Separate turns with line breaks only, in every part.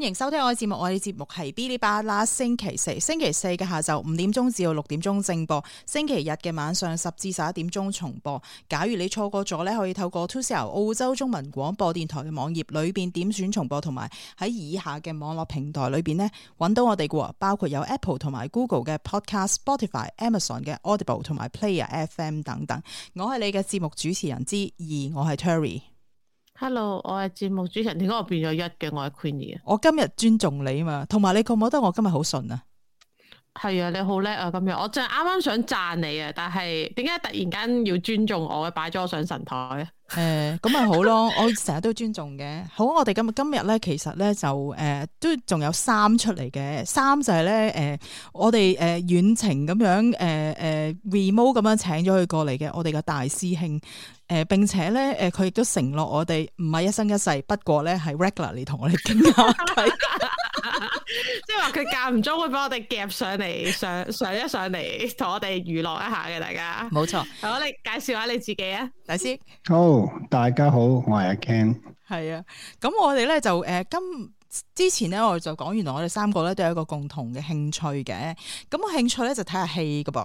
歡迎收聽我嘅節目，我哋節目係嗶哩吧啦。星期四、星期四嘅下晝五點鐘至到六點鐘正播，星期日嘅晚上十至十一點鐘重播。假如你錯過咗咧，可以透過 2CL 澳洲中文廣播電台嘅網頁裏邊點選重播，同埋喺以下嘅網絡平台裏邊呢搵到我哋嘅，包括有 Apple 同埋 Google 嘅 Podcast、Spotify、Amazon 嘅 Audible 同埋 Player FM 等等。我係你嘅節目主持人之二，我係 Terry。Hello，
我係節目主持人，點解我變咗一嘅？我係 Queenie 啊！我今日尊重你啊嘛，
同埋你覺唔覺得我今日好順啊？
係啊，你好叻啊！咁樣，我就啱啱想讚你啊，但係點解突然間要尊重我嘅，擺咗我上神台？
誒、呃，咁咪好咯， 我成日都尊重嘅。好，我哋今日今日咧，其實咧就誒，都、呃、仲有三出嚟嘅。三就係咧，誒、呃，我哋誒遠程咁樣，誒誒 remote 咁樣請咗佢過嚟嘅，我哋嘅大師兄。誒，並且咧，誒，佢亦都承諾我哋唔係一生一世，不過咧係 regular 嚟同我哋傾下
偈，即係話
佢間唔中會畀我哋夾上嚟上上一上嚟同我哋娛樂一下嘅，大家
冇錯。
錯好，你介紹下你自己啊，大師。
好，oh，大家好，我係阿 Ken。
係啊，咁我哋咧就誒，今、呃、之前咧我哋就講，完我哋三個咧都有一個共同嘅興趣嘅，咁個興趣咧就睇下戲噶噃。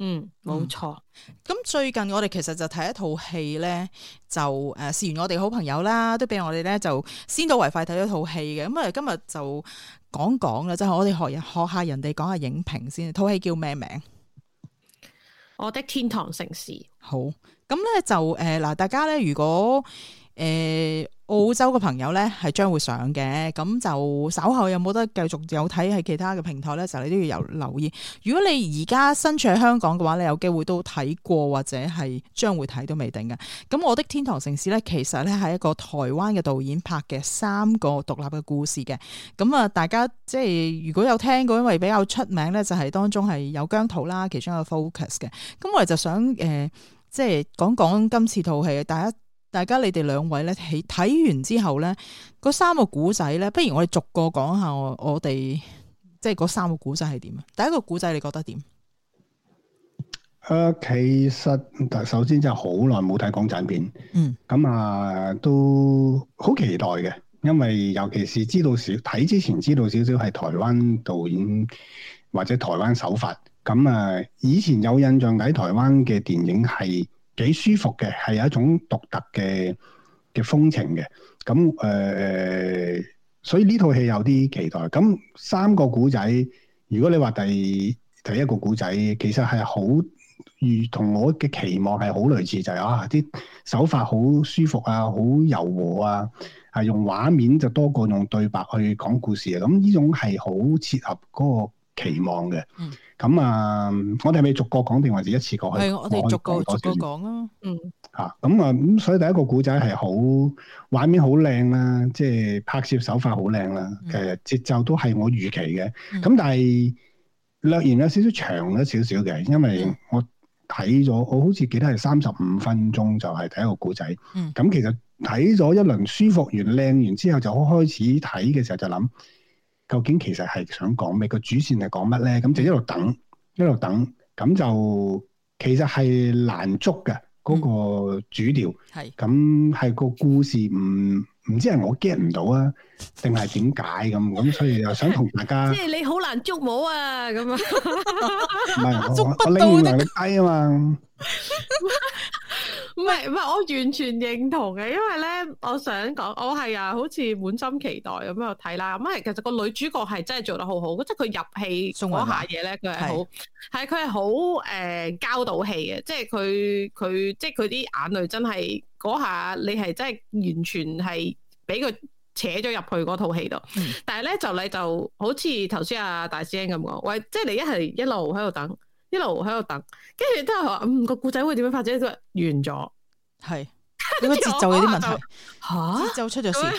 嗯，冇錯。咁、嗯、最近我哋其實就睇一套戲咧，就誒，試、呃、完我哋好朋友啦，都俾我哋咧就先睹為快睇咗套戲嘅。咁啊，今日就講講啦，即係我哋學人學下人哋講下影評先。套戲叫咩名？我的天堂城市。好，咁咧就誒嗱、呃，大家咧如果誒。呃澳洲嘅朋友咧，係將會上嘅，咁就稍後有冇得繼續有睇喺其他嘅平台咧，就你都要有留意。如果你而家身處喺香港嘅話，你有機會都睇過或者係將會睇都未定嘅。咁《我的天堂城市》咧，其實咧係一個台灣嘅導演拍嘅三個獨立嘅故事嘅。咁啊，大家即係如果有聽過，因為比較出名咧，就係、是、當中係有姜濤啦，其中一個 focus 嘅。咁我哋就想誒、呃，即係講講今次套戲，大家。大家你哋兩位咧睇睇完之後咧，嗰三個古仔咧，不如我哋逐個講下我哋即係嗰三個古仔係點啊？第一個古仔你覺得點啊、
呃？其實首先真係好耐冇睇港產片，嗯，咁啊、呃、都好期待嘅，因為尤其是知道少睇之前知道少少係台灣導演或者台灣手法，咁啊、呃、以前有印象喺台灣嘅電影係。幾舒服嘅，係有一種獨特嘅嘅風情嘅，咁誒、呃，所以呢套戲有啲期待。咁三個古仔，如果你話第第一個古仔，其實係好如同我嘅期望係好類似，就係、是、啊啲手法好舒服啊，好柔和啊，係用畫面就多過用對白去講故事啊。咁呢種係好切合、嗰個。期望嘅，咁啊、嗯嗯，我哋係咪逐個講定或者一次過去？的我哋逐個逐個講，嗯、啊，嗯，吓咁啊，咁所以第一個古仔係好畫面好靚啦，即係拍攝手法好靚啦，誒節奏都係我預期嘅，咁、嗯嗯嗯，但係略嫌有少少長咗少少嘅，因為我睇咗，我好似記得係三十五分鐘就係第一個古仔，咁其實睇咗一輪舒服完靚完之後就開開始睇嘅時候就諗。究竟其實係想講咩？個主線係講乜咧？咁就一路等，一路等，咁就其實係難捉嘅嗰、嗰個主調。係、嗯，咁係個故事唔唔、嗯、知係我 get 唔到啊，定係點解咁？咁所以又想同大家，即係
你好難捉摸啊！咁
啊， 唔係我拎能力低啊嘛～
唔係唔係，我完全認同嘅，因為咧，我想講，我係啊，好似滿心期待咁樣睇啦。咁係，其實個女主角係真係做得好好，即係佢入戲嗰下嘢咧，佢係好，係佢係好誒，交到戲嘅，即係佢佢，即係佢啲眼淚真係嗰下，你係真係完全係俾佢扯咗入去嗰套戲度。嗯、但係咧，就你就好似頭先阿大師兄咁講，喂，即係你一係一路喺度等。一路喺度等，跟住都係話，嗯，個故仔會點樣發展。佢完咗，係
點解節奏有啲問題？
嚇 蛤節奏出咗事，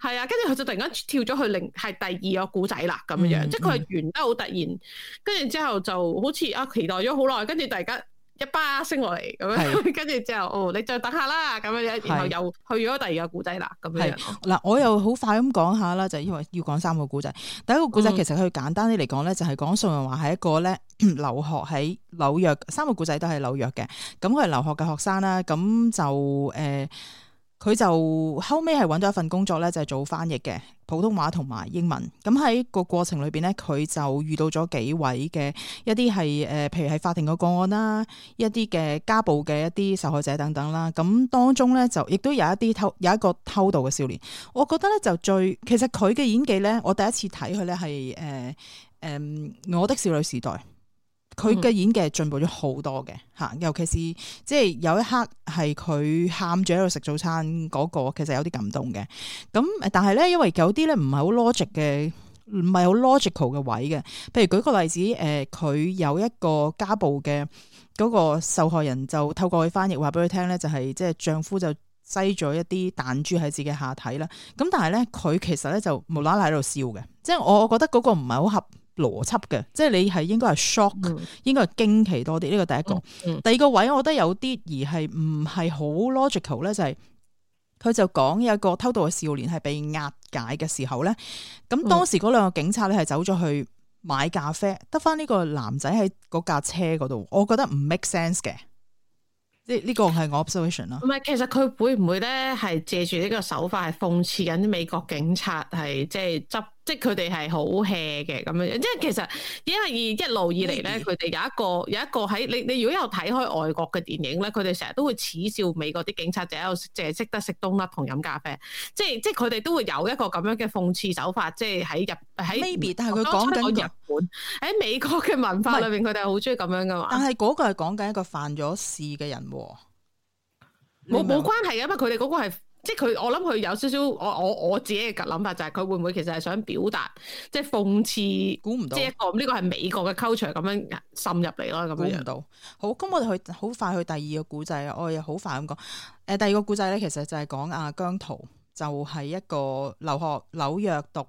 係啊，跟住佢就突然間跳咗去另，係第二個故仔啦咁樣。嗯嗯、即係佢係完得好突然，跟住之後就好似啊期待咗好耐，跟住突然間。一巴升落嚟咁樣，跟住之後，哦，你再等下啦，咁樣，是然後又去咗第二個古仔
啦，咁是樣。嗱，我又好快咁講下啦，就因、是、為要講三個古仔。第一個古仔、嗯、其實佢簡單啲嚟講咧，就係、是、講宋文華係一個咧 留學喺紐約，三個古仔都係紐約嘅。咁佢係留學嘅學生啦，咁就誒。呃佢就後尾係揾到一份工作咧，就係做翻譯嘅普通話同埋英文。咁喺個過程裏邊咧，佢就遇到咗幾位嘅一啲係誒，譬如係法庭嘅個案啦，一啲嘅家暴嘅一啲受害者等等啦。咁當中咧就亦都有一啲偷有，有一個偷渡嘅少年。我覺得咧就最其實佢嘅演技咧，我第一次睇佢咧係誒誒我的少女時代。佢嘅演技係進步咗好多嘅嚇，尤其是即係有一刻係佢喊住喺度食早餐嗰個，其實有啲感動嘅。咁但係咧，因為有啲咧唔係好 logic 嘅，唔係好 logical 嘅位嘅。譬如舉個例子，誒佢有一個家暴嘅嗰個受害人，就透過佢翻譯話俾佢聽咧，就係即係丈夫就擠咗一啲彈珠喺自己下體啦。咁但係咧，佢其實咧就無啦啦喺度笑嘅，即係我覺得嗰個唔係好合邏輯嘅，即係你係應該係 shock，、嗯、應該係驚奇多啲。呢、這個第一個，嗯嗯、第二個位，我覺得有啲而係唔係好 logical 咧，就係佢就講有一個偷渡嘅少年係被押解嘅時候咧，咁當時嗰兩個警察咧係走咗去買咖啡，得翻呢個男仔喺嗰架車嗰度，我覺得唔 make sense 嘅。呢呢個係我 observation 啦。
唔係，其實佢會唔會咧係借住呢個手法係諷刺緊啲美國警察係即係執？就是執即係佢哋係好 hea 嘅咁樣，即係其實因為一路以嚟咧，佢哋有一個有一個喺你你如果有睇開外國嘅電影咧，佢哋成日都會恥笑美國啲警察就喺度淨係識得食冬甩同飲咖啡，即係即係佢哋都會有一個咁樣嘅諷刺手法，即係喺日喺美國。但係佢講緊日
本喺美國嘅文化裏邊，佢哋係好中意咁樣噶嘛？但係嗰個係講緊一個犯咗事嘅人，冇
冇關係嘅，因為佢哋嗰個係。即係佢，我諗佢有少少，我我我自己嘅諗法就係佢會唔會其實係想表達，即係諷刺，估唔到。呢個係美國嘅 culture 咁樣滲入嚟咯，咁估唔到。
樣好，咁我哋去好快去第二個古仔，我又好快咁講。誒、呃，第二個古仔咧，其實就係講阿姜濤，就係、是、一個留學紐約讀。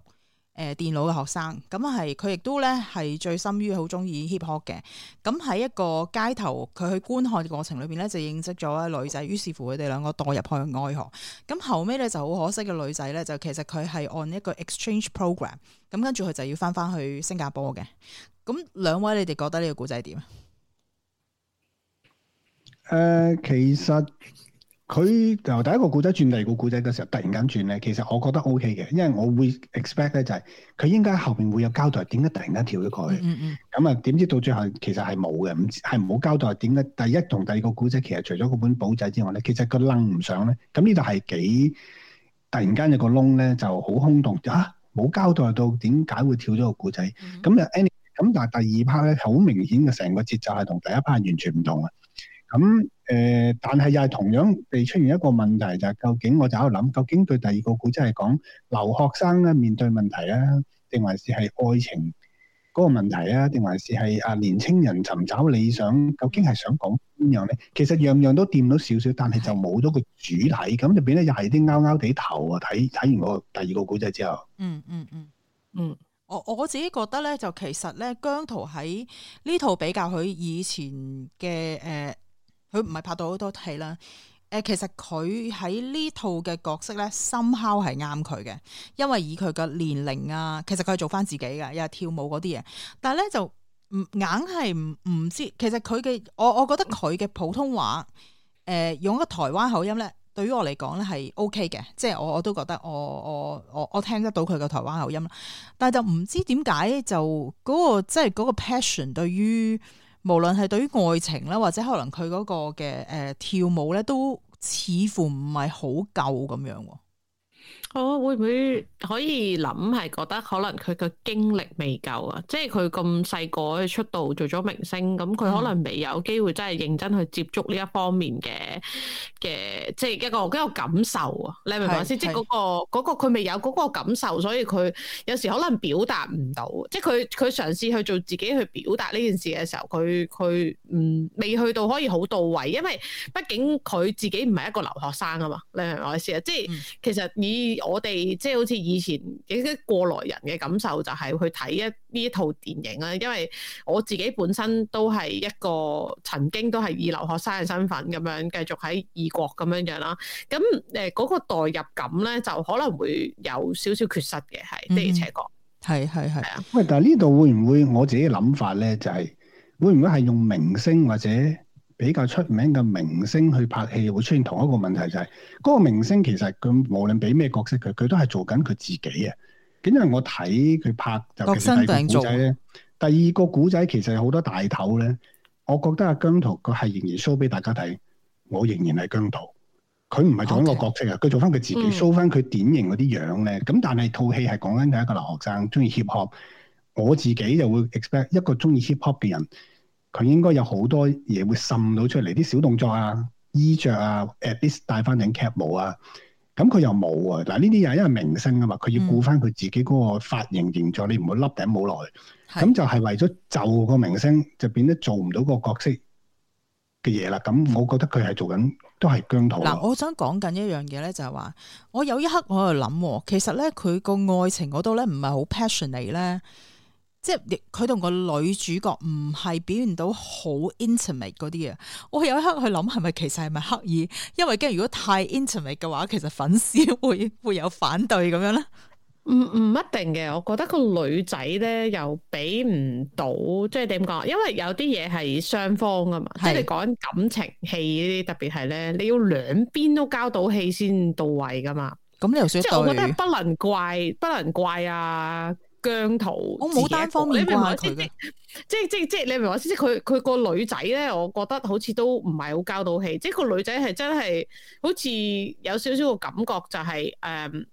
誒、呃、電腦嘅學生，咁係佢亦都咧係最深於好鍾意 hip hop 嘅。咁喺一個街頭，佢去觀看嘅過程裏邊咧，就認識咗一女仔。於是乎佢哋兩個墮入去愛河。咁後尾咧就好可惜嘅，女仔咧，就其實佢係按一個 exchange program，咁跟住佢就要返返去新加坡嘅。咁兩位你哋覺得呢個故仔點啊？誒、呃，
其實。佢由第一個故仔轉第二個故仔嘅時候，突然間轉咧，其實我覺得 OK 嘅，因為我會 expect 咧就係、是、佢應該後邊會有交代，點解突然間跳咗過去？咁啊、嗯嗯，點、嗯、知到最後其實係冇嘅，唔係冇交代，點解第一同第二個古仔其實除咗嗰本簿仔之外咧，其實個楞唔上咧，咁呢度係幾突然間有個窿咧，就好空洞，就吓冇交代到點解會跳咗個故仔？咁啊，any 咁但係第二 part 咧，好明顯嘅成個節奏係同第一 part 完全唔同啊！咁誒、嗯，但係又係同樣地出現一個問題，就係、是、究竟我就喺度諗，究竟對第二個古仔係講留學生咧面對問題咧，定還是係愛情嗰個問題啊？定還是係啊年青人尋找理想，究竟係想講邊樣咧？其實樣樣都掂到少少，但係就冇咗個主體，咁的就變咗又係啲勾勾地頭啊！睇、睇完個第二個古仔之後，嗯
嗯嗯嗯，我我自己覺得咧，就其實咧，姜濤喺呢套比較佢以前嘅誒。呃佢唔係拍到好多戲啦，誒，其實佢喺呢套嘅角色咧，somehow 係啱佢嘅，因為以佢嘅年齡啊，其實佢係做翻自己嘅，又係跳舞嗰啲嘢，但係咧就唔硬係唔唔知，其實佢嘅我我覺得佢嘅普通話，誒，用一個台灣口音咧，對於我嚟講咧係 O K 嘅，即係我我都覺得我我我我聽得到佢嘅台灣口音，但係就唔知點解就嗰個即係嗰個 passion 對於。無論係對於愛情咧，或者可能佢個嘅誒、呃、跳舞咧，都似乎唔係好夠咁樣。我
會唔會可以諗係覺得可能佢嘅經歷未夠啊？即係佢咁細個出道做咗明星，咁佢可能未有機會真係認真去接觸呢一方面嘅。嗯。嘅，即係一個咁感受啊，你明唔明我意思？即係，嗰個，嗰個，嗰個佢未有嗰個感受，所以佢有時可能表達唔到，即係佢佢嘗試去做自己去表達呢件事嘅時候，佢佢唔未去到可以好到位，因為畢竟佢自己唔係一個留學生啊嘛，你明唔明我意思啊？即係，嗯、其實以我哋即係好似以前嘅過來人嘅感受，就係去睇一呢一套電影啊。因為我自己本身都係一個曾經都係以留學生嘅身份咁樣嘅。仲喺異國咁樣樣啦，咁誒嗰個代入感咧，就可能會有少少缺失嘅。係的而且確，
係係係啊。喂，但係呢度會唔會我自己諗法咧，就係、是、會唔會係用明星或者比較出名嘅明星去拍戲，會出現同一個問題，就係、是、嗰個明星其實佢無論俾咩角色佢，佢都係做緊佢自己啊。因為我睇佢拍就係個古仔咧，第二個古仔其實有好多大頭咧，我覺得阿姜濤佢係仍然 show 俾大家睇。我仍然係姜濤，佢唔係做一個角色啊，佢 Okay. 做翻佢自己，show 翻佢典型嗰啲樣咧。咁、嗯、但係套戲係講緊係一個留學生，中意 hip hop。Op, 我自己就會 expect 一個中意 hip hop 嘅人，佢應該有好多嘢會滲到出嚟，啲小動作啊、衣着啊，at least 戴翻頂 cap 帽啊。咁佢又冇啊。嗱呢啲又係因為明星啊嘛，佢要顧翻佢自己嗰個髮型形狀，嗯、你唔好笠頂帽落去。咁、嗯、就係為咗就個明星，就變得做唔到個角色。嘢啦，咁我覺得佢係做緊都係姜濤。嗱，
我想講緊一樣嘢咧，就係話，我有一刻我喺度諗，其實咧佢個愛情嗰度咧唔係好 passionate 咧，即係佢同個女主角唔係表現到好 intimate 嗰啲嘢。我有一刻去諗，係咪其實係咪刻意？因為驚如果太 intimate 嘅話，其實粉絲會會有反對咁樣咧。唔唔一定嘅，我覺得個女仔
咧又俾唔到，即係點講？因為有啲嘢係雙方噶嘛，即係你講緊感情戲呢啲，特別係咧，你要兩邊都交到戲先到位噶嘛。咁
你又少，即係我覺得不
能怪不能怪啊姜濤，我冇單方面怪怪你怪佢。即即即你明唔明？我意思即係佢佢個女仔咧，我覺得好似都唔係好交到戲，即係個女仔係真係好似有少少個感覺就係、是、誒、嗯，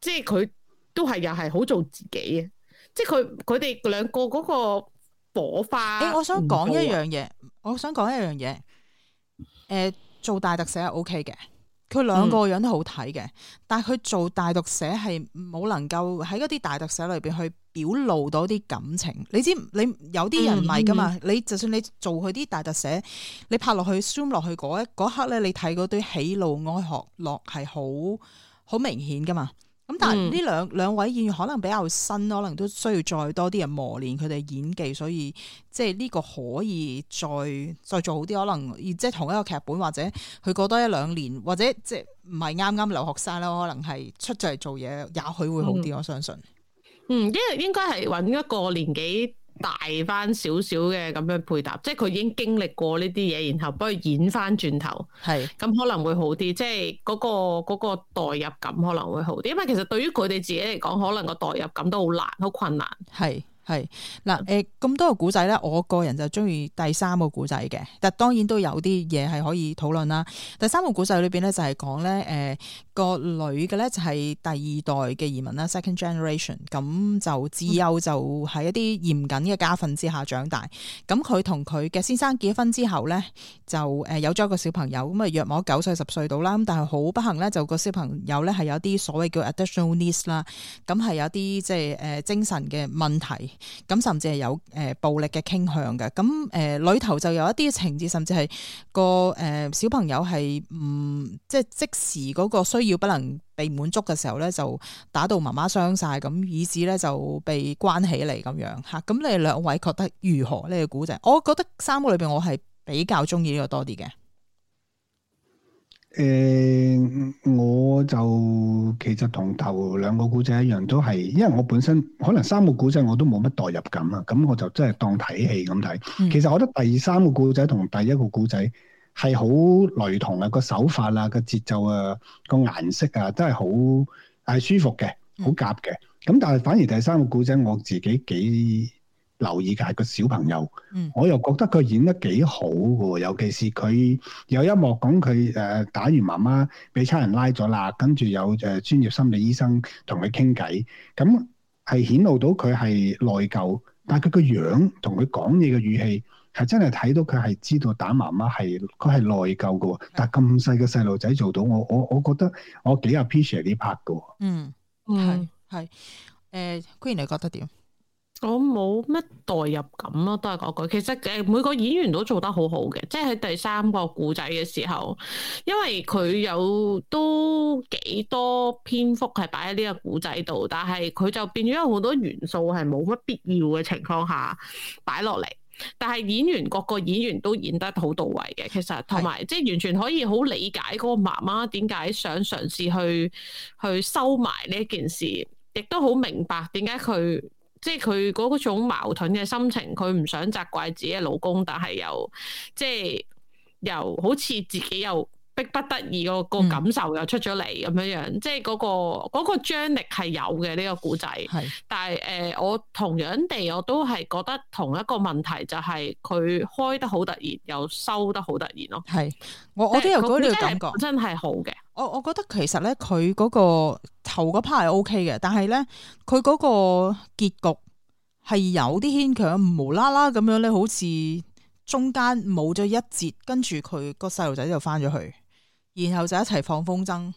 即係佢。都係又係好做自己嘅，即係佢
佢哋兩個嗰個火花。誒、欸，我想講一樣嘢，啊、我想講一樣嘢。誒、呃，做大特寫係 OK 嘅，佢兩個樣都好睇嘅。嗯、但係佢做大特寫係冇能夠喺嗰啲大特寫裏邊去表露到啲感情。你知你有啲人唔係噶嘛？嗯、你就算你做佢啲大特寫，你拍落去 zoom 落去嗰一刻咧，你睇嗰堆喜怒哀樂落係好好明顯噶嘛？咁但係呢兩兩位演員可能比較新咯，嗯、可能都需要再多啲人磨練佢哋演技，所以即係呢個可以再再做好啲，可能即係同一個劇本或者佢過多一兩年，或者即係唔係啱啱留學生咧，可能係出咗嚟做嘢，也許會好啲，嗯、我相信。嗯，
因為應該係搵一個年紀。大翻少少嘅咁樣配搭，即係佢已經經歷過呢啲嘢，然後幫佢演翻轉頭，係咁係可能會好啲，即係嗰個嗰個代入感可能會好啲，因為其實對於佢哋自己嚟講，可能個代入感都好難，好困
難，係。係嗱，誒，咁多個古仔咧，我個人就中意第三個古仔嘅，但當然都有啲嘢係可以討論啦。第三個古仔裏邊咧就係講咧誒、呃、個女嘅咧就係第二代嘅移民啦，second generation，咁就自幼就喺一啲嚴謹嘅家訓之下長大。咁佢同佢嘅先生結婚之後咧，就誒有咗一個小朋友咁啊，約莫九歲十歲到啦。咁但係好不幸咧，就、那個小朋友咧係有啲所謂叫 additional needs 啦，咁係有啲即係誒、呃、精神嘅問題。咁甚至係有誒、呃、暴力嘅傾向嘅，咁誒裏頭就有一啲情節，甚至係個誒、呃、小朋友係唔即係即時嗰個需要不能被滿足嘅時候咧，就打到媽媽傷晒，咁以至咧就被關起嚟咁樣吓。咁、啊、你兩位覺得如何呢個古仔？我覺得三個裏邊我係比較中意呢個多啲嘅。
誒、嗯，我就其實同頭兩個故仔一樣，都係因為我本身可能三個故仔我都冇乜代入感啊，咁我就真係當睇戲咁睇。嗯、其實我覺得第三個故仔同第一個故仔係好雷同啊，個手法啊、個節奏啊、個顏色啊，真係好係舒服嘅，好夾嘅。咁、嗯、但係反而第三個故仔我自己幾留意嘅係個小朋友，嗯、我又覺得佢演得幾好嘅，尤其是佢有一幕講佢誒，打完媽媽俾差人拉咗啦，跟住有誒專業心理醫生同佢傾偈，咁係顯露到佢係內疚，但係佢個樣同佢講嘢嘅語氣係、嗯、真係睇到佢係知道打媽媽係佢係內疚嘅，的但係咁細個細路仔做到我，我我我覺得我幾 appreciate 呢拍嘅。嗯，係
係誒，居然、呃、你覺得點？我冇乜
代入感咯，都係嗰句。其實誒，每個演員都做得好好嘅，即係喺第三個古仔嘅時候，因為佢有都幾多篇幅係擺喺呢個古仔度，但係佢就變咗好多元素係冇乜必要嘅情況下擺落嚟。但係演員個個演員都演得好到位嘅，其實同埋是即係完全可以好理解嗰個媽媽點解想嘗試去去收埋呢一件事，亦都好明白點解佢。即係佢嗰嗰種矛盾嘅心情，佢唔想責怪自己嘅老公，但係又即係又好似自己又迫不得已個感受又出咗嚟咁樣樣，嗯、即係嗰、那個嗰、那個張力係有嘅呢、這個古仔。係是，但係誒、呃，我同樣地，我都係覺得同一個問題就係、是、佢開得好突然，又收
得好突然咯。係，我我都有嗰個感覺，真係好嘅。我我覺得其實咧、那個，佢嗰個頭嗰 part 係 OK 嘅，但係咧佢嗰個結局係有啲牽強，無啦啦咁樣咧，好似中間冇咗一節，跟住佢個細路仔就翻咗去，然後就一齊放風箏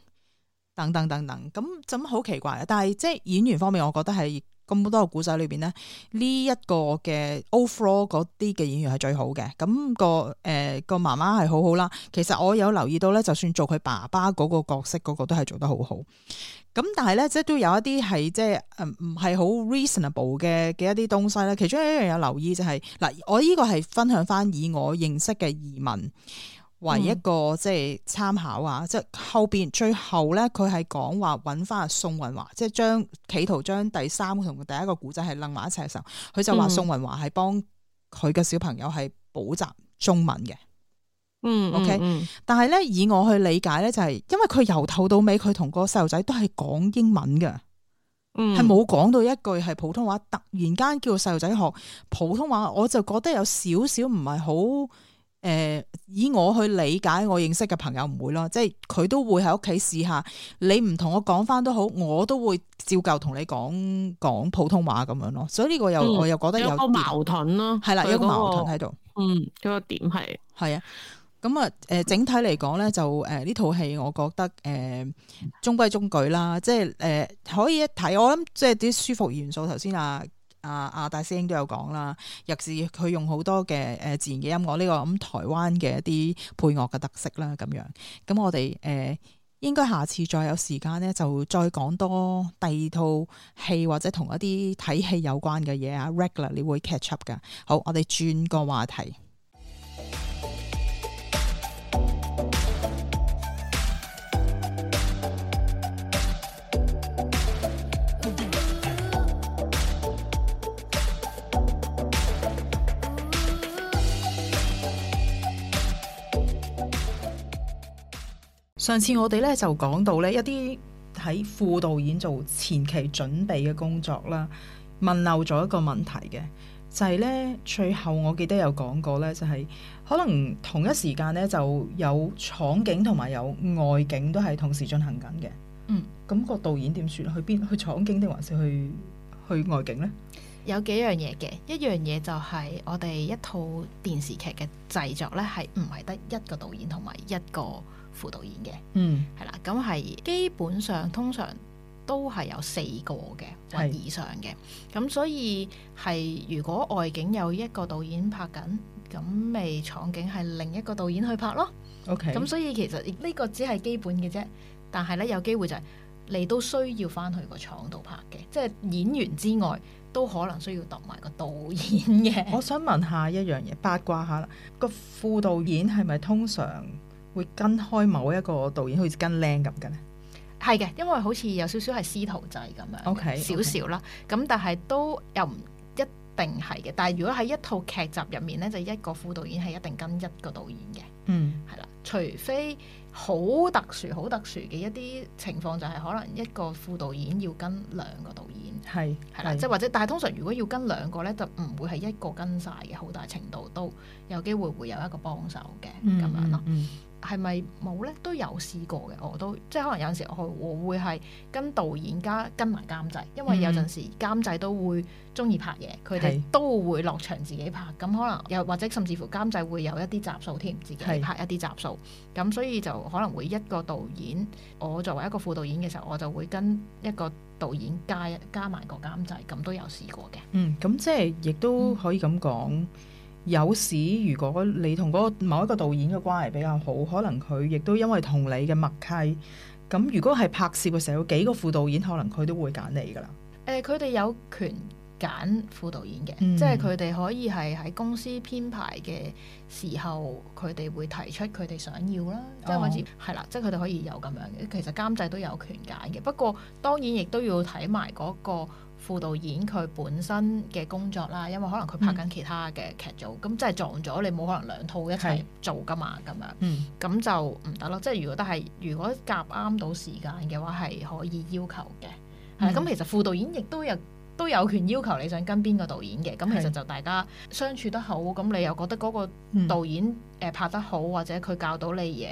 等等等等，咁咁好奇怪啊。但係即係演員方面，我覺得係。咁多個古仔裏邊咧，呢、這、一個嘅 overall 嗰啲嘅演員係最好嘅。咁、那個誒、呃、個媽媽係好好啦。其實我有留意到咧，就算做佢爸爸嗰個角色，嗰、那個都係做得好好。咁但係咧，即係都有一啲係即係誒唔係好 reasonable 嘅嘅一啲東西咧。其中一樣有留意就係、是、嗱，我呢個係分享翻以我認識嘅移民。為一個即係參考啊、嗯！即係後邊最後咧，佢係講話揾翻宋雲華，即係將企圖將第三同第一個古仔係拎埋一齊嘅時候，佢、嗯、就話宋雲華係幫佢嘅小朋友係補習中文嘅、嗯 Okay? 嗯。嗯，OK，但係咧以我去理解咧、就是，就係因為佢由頭到尾佢同個細路仔都係講英文嘅，嗯，係冇講到一句係普通話，突然間叫細路仔學普通話，我就覺得有少少唔係好。誒、呃，以我去理解，我認識嘅朋友唔會咯，即係佢都會喺屋企試下。你唔同我講翻返都好，我都會照舊同你講講普通話咁樣咯。所以呢個又我又覺得有、嗯、有個矛盾咯，係啦，的那個、有個矛盾喺度。嗯，嗰個點係係啊。咁啊，誒、呃，整體嚟講咧，就誒呢套戲，呃、戲我覺得誒、呃、中規中矩啦。即係誒、呃、可以一睇，我諗即係啲舒服元素頭先啊。啊啊！大師兄都有講啦，尤其是佢用好多嘅誒、呃、自然嘅音樂呢、呢個咁台灣嘅一啲配樂嘅特色啦咁樣。咁我哋誒、呃、應該下次再有時間咧，就再講多第二套戲或者同一啲睇戲有關嘅嘢啊。Regular，你會 catch up 噶。好，我哋轉個話題。上次我哋咧就講到咧一啲喺副導演做前期準備嘅工作啦，問漏咗一個問題嘅，就係咧最後我記得有講過咧，就係可能同一時間咧就有廠景同埋有外景都係同時進行緊嘅。
嗯，
咁個導演點算去邊？去廠景定還是去去外景咧？有
幾樣嘢嘅，一樣嘢就係我哋一套電視劇嘅製作咧，係唔係得一個導演同埋一個？副導演嘅，嗯，係啦，咁係基本上通常都係有四個嘅或以上嘅，咁是所以係如果外景有一個導演拍緊，咁咪廠景係另一個導演去拍咯，OK，咁所以其實呢個只係基本嘅啫，但係咧有機會就係你都需要翻去個廠度拍嘅，即係演員之外都可能需要揼埋個導演
嘅。我想問下一樣嘢，八卦下啦，個副導演係咪通常、嗯？會跟開某一個導演，嗯、好似跟靚咁嘅咧？係嘅，
因為好似有少少係師徒制咁樣，okay, 少少啦。咁 Okay. 但係都又唔一定係嘅。但係如果喺一套劇集入面咧，就一個副導演係一定跟一個導演嘅。嗯，係啦，除非好特殊、好特殊嘅一啲情況，就係可能一個副導演要跟兩個導演。係係啦，即係或者，但係通常如果要跟兩個咧，就唔會係一個跟晒嘅。好大程度都有機會會有一個幫手嘅咁樣咯。嗯嗯。係咪冇咧？都有試過嘅，我都即係可能有陣時我會係跟導演加跟埋監製，因為有陣時監製都會中意拍嘢，佢哋都會落場自己拍。咁是可能又或者甚至乎監製會有一啲集數添，自己拍一啲集數。咁是所以就可能會一個導演，我作為一個副導演嘅時候，我就會跟一個導演加加埋個監製，咁都有試過嘅。
嗯，咁即係亦都可以咁講。嗯有時如果你同嗰某一個導演嘅關係比較好，可能佢亦都因為同你嘅默契，咁如果係拍攝嘅時候有幾個副導演，可能佢都會揀你㗎啦。
誒，佢哋有權揀副導演嘅，嗯、即係佢哋可以係喺公司編排嘅時候，佢哋會提出佢哋想要啦，即係好似係啦，即係佢哋可以有咁樣嘅。其實監製都有權揀嘅，不過當然亦都要睇埋嗰個。副導演佢本身嘅工作啦，因為可能佢拍緊其他嘅劇組，咁、嗯、即係撞咗，你冇可能兩套一齊是做噶嘛，咁樣，咁、嗯、就唔得咯。即係如果都係如果夾啱到時間嘅話，係可以要求嘅。咁、嗯嗯嗯、其實副導演亦都有都有權要求你想跟邊個導演嘅。咁其實就大家相處得好，咁你又覺得嗰個導演誒拍得好，嗯、或者佢教到你嘢，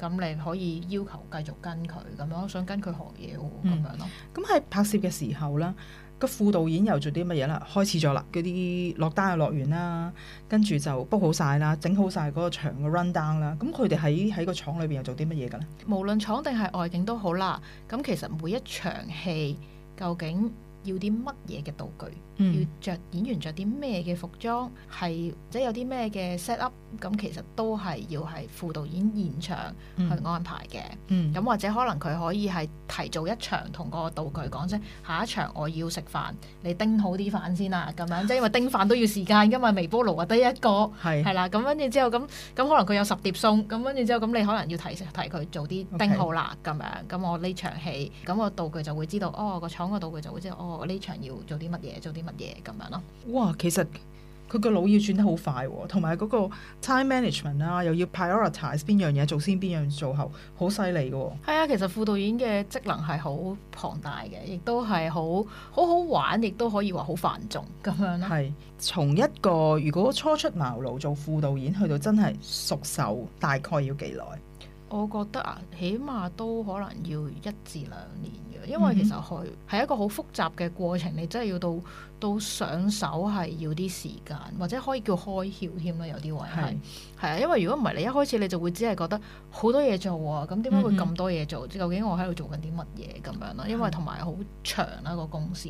咁你可以要求繼續跟佢咁樣。想跟佢學
嘢喎，咁樣咯。咁喺、嗯嗯、拍攝嘅時候啦。嗯副導演又做啲乜嘢啦？開始咗啦，嗰啲落單又落完啦，跟住就 book 好晒啦，整好晒嗰個場嘅 run down 啦。咁佢哋喺喺個廠裏邊又做啲乜嘢㗎咧？
無論廠定係外景都好啦。咁其實每一場戲究竟？要啲乜嘢嘅道具？要着演員着啲咩嘅服裝，係即係有啲咩嘅 set up？咁其實都係要係副導演現場去安排嘅。咁、嗯嗯、或者可能佢可以係提早一場同個道具講聲，下一場我要食飯，你叮好啲飯先啦。咁樣即係因為叮飯都要時間㗎嘛，微波爐啊得一個係是啦。咁跟住之後咁咁可能佢有十碟餸。咁跟住之後咁你可能要提提佢做啲叮好啦。咁 Okay. 樣，咁我呢場戲咁個道具就會知道。哦，個廠個道具就會知道。哦。我呢場要做啲乜嘢？做啲乜嘢咁樣咯？
哇，其實佢、哦、個腦要轉得好快，同埋嗰個 time management 啊，又要 prioritize 邊樣嘢做先，邊樣做後，好犀利嘅
喎。係啊，其實副導演嘅職能係好龐大嘅，亦都係好好好玩，亦都可以話好繁重咁樣啦。係，
從一個如果初出茅廬做副導演去到真係熟手，大概要幾耐？
我覺得啊，起碼都可能要一至兩年嘅，因為其實開係一個好複雜嘅過程，你真係要到。到上手係要啲時間，或者可以叫開竅添啦。有啲位係係啊，因為如果唔係你一開始你就會只係覺得好多嘢做啊，咁點解會咁多嘢做？嗯嗯究竟我喺度做緊啲乜嘢咁樣啦？因為同埋好長啦、啊、個公司。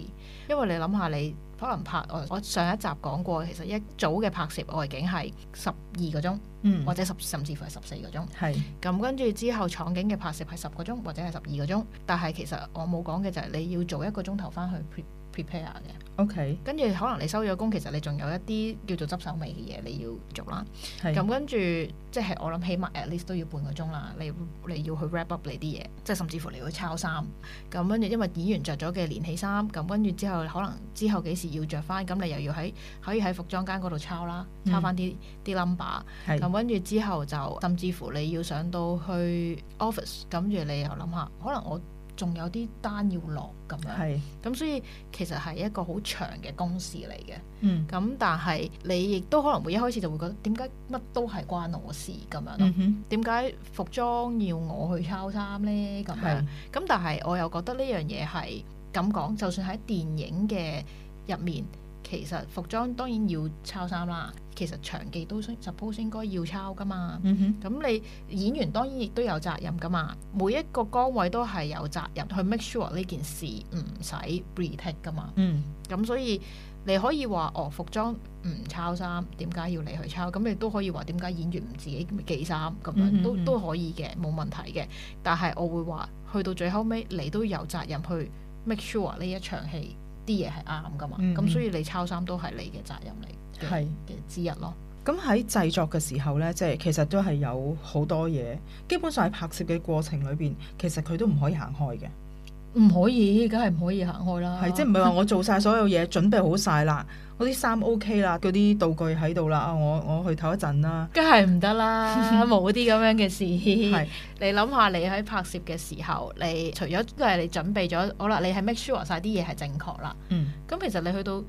因為你諗下，你可能拍我上一集講過，其實一組嘅拍攝外景係、嗯、十二個鐘是，或者十甚至乎係十四個鐘。係咁，跟住之後，廠景嘅拍攝係十個鐘或者係十二個鐘，但係其實我冇講嘅就係你要做一個鐘頭返去。prepare 嘅，OK。跟住可能你收咗工，其實你仲有一啲叫做執手尾嘅嘢你要做啦。咁是跟住即係我諗，起碼 at least 都要半個鐘啦。你你要去 wrap up 你啲嘢，即係甚至乎你要去抄衫。咁跟住因為演員着咗嘅連戲衫，咁跟住之後可能之後幾時要着翻，咁你又要喺可以喺服裝間嗰度抄啦，嗯、抄翻啲啲 number。咁是跟住之後就甚至乎你要上到去 office，咁跟住你又諗下，可能我。仲有啲單要落咁樣，咁是所以其實係一個好長嘅工時嚟嘅。咁、嗯、但係你亦都可能會一開始就會覺得點解乜都係關我事咁樣咯？點解、嗯、哼服裝要我去抄衫咧？咁樣咁是但係我又覺得呢樣嘢係咁講，就算喺電影嘅入面。其實服裝當然要抄衫啦，其實場記都 suppose 應該要抄噶嘛。咁、mm hmm. 嗯、你演員當然亦都有責任噶嘛，每一個崗位都係有責任去 make sure 呢件事唔使 retake 噶嘛。咁、mm hmm. 嗯、所以你可以話哦服裝唔抄衫，點解要你去抄？咁你可、mm hmm. 都，都可以話點解演員唔自己記衫咁樣都都可以嘅，冇問題嘅。但係我會話去到最後尾，你都有責任去 make sure 呢一場戲。啲嘢係啱㗎嘛？咁、嗯、所以你抄衫都係你嘅責任嚟
嘅係之一咯。咁喺製作嘅時候咧，即係其實都係有好多嘢，基本上喺拍攝嘅過程裏邊，其實佢都唔可以行開嘅。
唔可以，梗係唔可以行開啦。係，即係唔係話
我做晒所有嘢， 準備好晒、OK、啦，嗰啲衫 OK 啦，嗰啲道具喺度啦。啊，我我去唞一陣啦。
梗係唔得啦，冇啲咁樣嘅事。 是你諗下，你喺拍攝嘅時候，你除咗都係你準備咗，好啦，你係咩 make sure 晒啲嘢係正確啦。咁、嗯、其實你去到